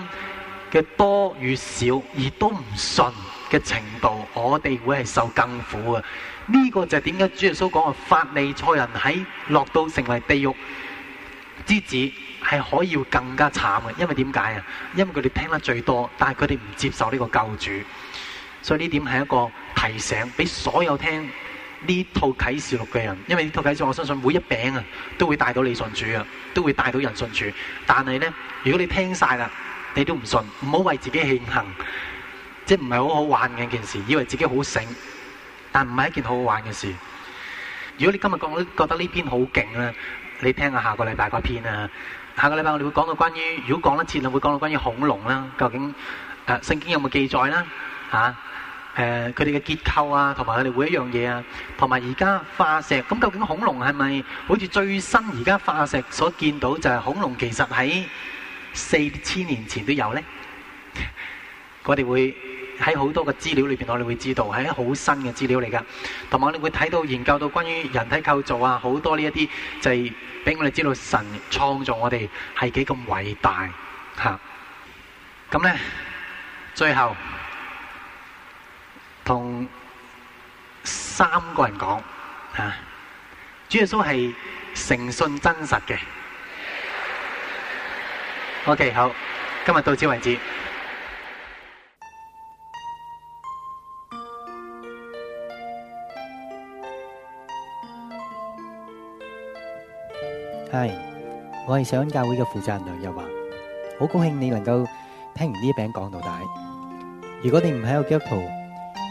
嘅多與少，而都唔信嘅程度，我哋會係受更苦嘅。呢個就係點解主耶穌講話法利賽人喺落到成為地獄之子係可以更加慘嘅，因為點解啊？因為佢哋聽得最多，但係佢哋唔接受呢個救主。所以呢點係一個提醒，俾所有聽呢套啟示錄嘅人。因為呢套啟示錄，我相信每一餅啊，都會帶到你信主啊，都會帶到人信主。但係咧，如果你聽晒啦，你都唔信，唔好為自己慶幸，即係唔係好好玩嘅一件事。以為自己好醒，但唔係一件好好玩嘅事。如果你今日講覺得呢篇好勁啦，你聽下下個禮拜嗰篇啦。下個禮拜我哋會講到關於，如果講得切，我會講到關於恐龍啦，究竟誒聖經有冇記載啦？嚇！誒、呃，佢哋嘅結構啊，同埋佢哋會一樣嘢啊，同埋而家化石，咁究竟恐龍係咪好似最新而家化石所見到就係恐龍，其實喺四千年前都有咧？我哋會喺好多嘅資料裏邊，我哋會知道係好新嘅資料嚟噶，同埋我哋會睇到研究到關於人體構造啊，好多呢一啲就係俾我哋知道神創造我哋係幾咁偉大吓。咁、啊、咧，最後。同三個人講嚇，主耶穌係誠信真實嘅。OK，好，今日到此為止。係，我係社工教會嘅負責人梁日華，好高興你能夠聽完呢一餅講到底。如果你唔喺個基督徒。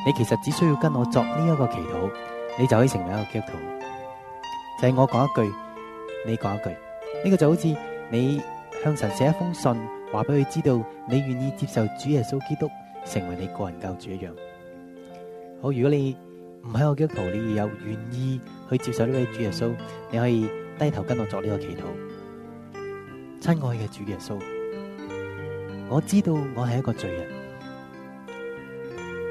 你其實只需要跟我作呢一個祈禱，你就可以成為一個基督徒。就係、是、我講一句，你講一句，呢、這個就好似你向神寫一封信，話俾佢知道你願意接受主耶穌基督成為你個人救主一樣。好，如果你唔喺我基督徒，你有願意去接受呢位主耶穌，你可以低頭跟我作呢個祈禱。親愛嘅主耶穌，我知道我係一個罪人。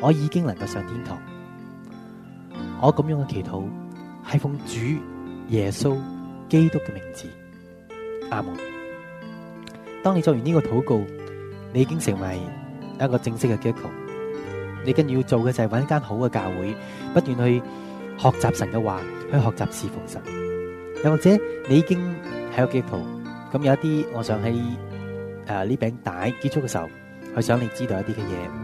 我已經能夠上天堂。我咁樣嘅祈禱係奉主耶穌基督嘅名字，阿門。當你做完呢個禱告，你已經成為一個正式嘅基督徒。你跟住要做嘅就係揾一間好嘅教會，不斷去學習神嘅話，去學習侍奉神。又或者你已經喺個基督徒，咁有一啲，我想喺誒呢餅帶結束嘅時候，去想你知道一啲嘅嘢。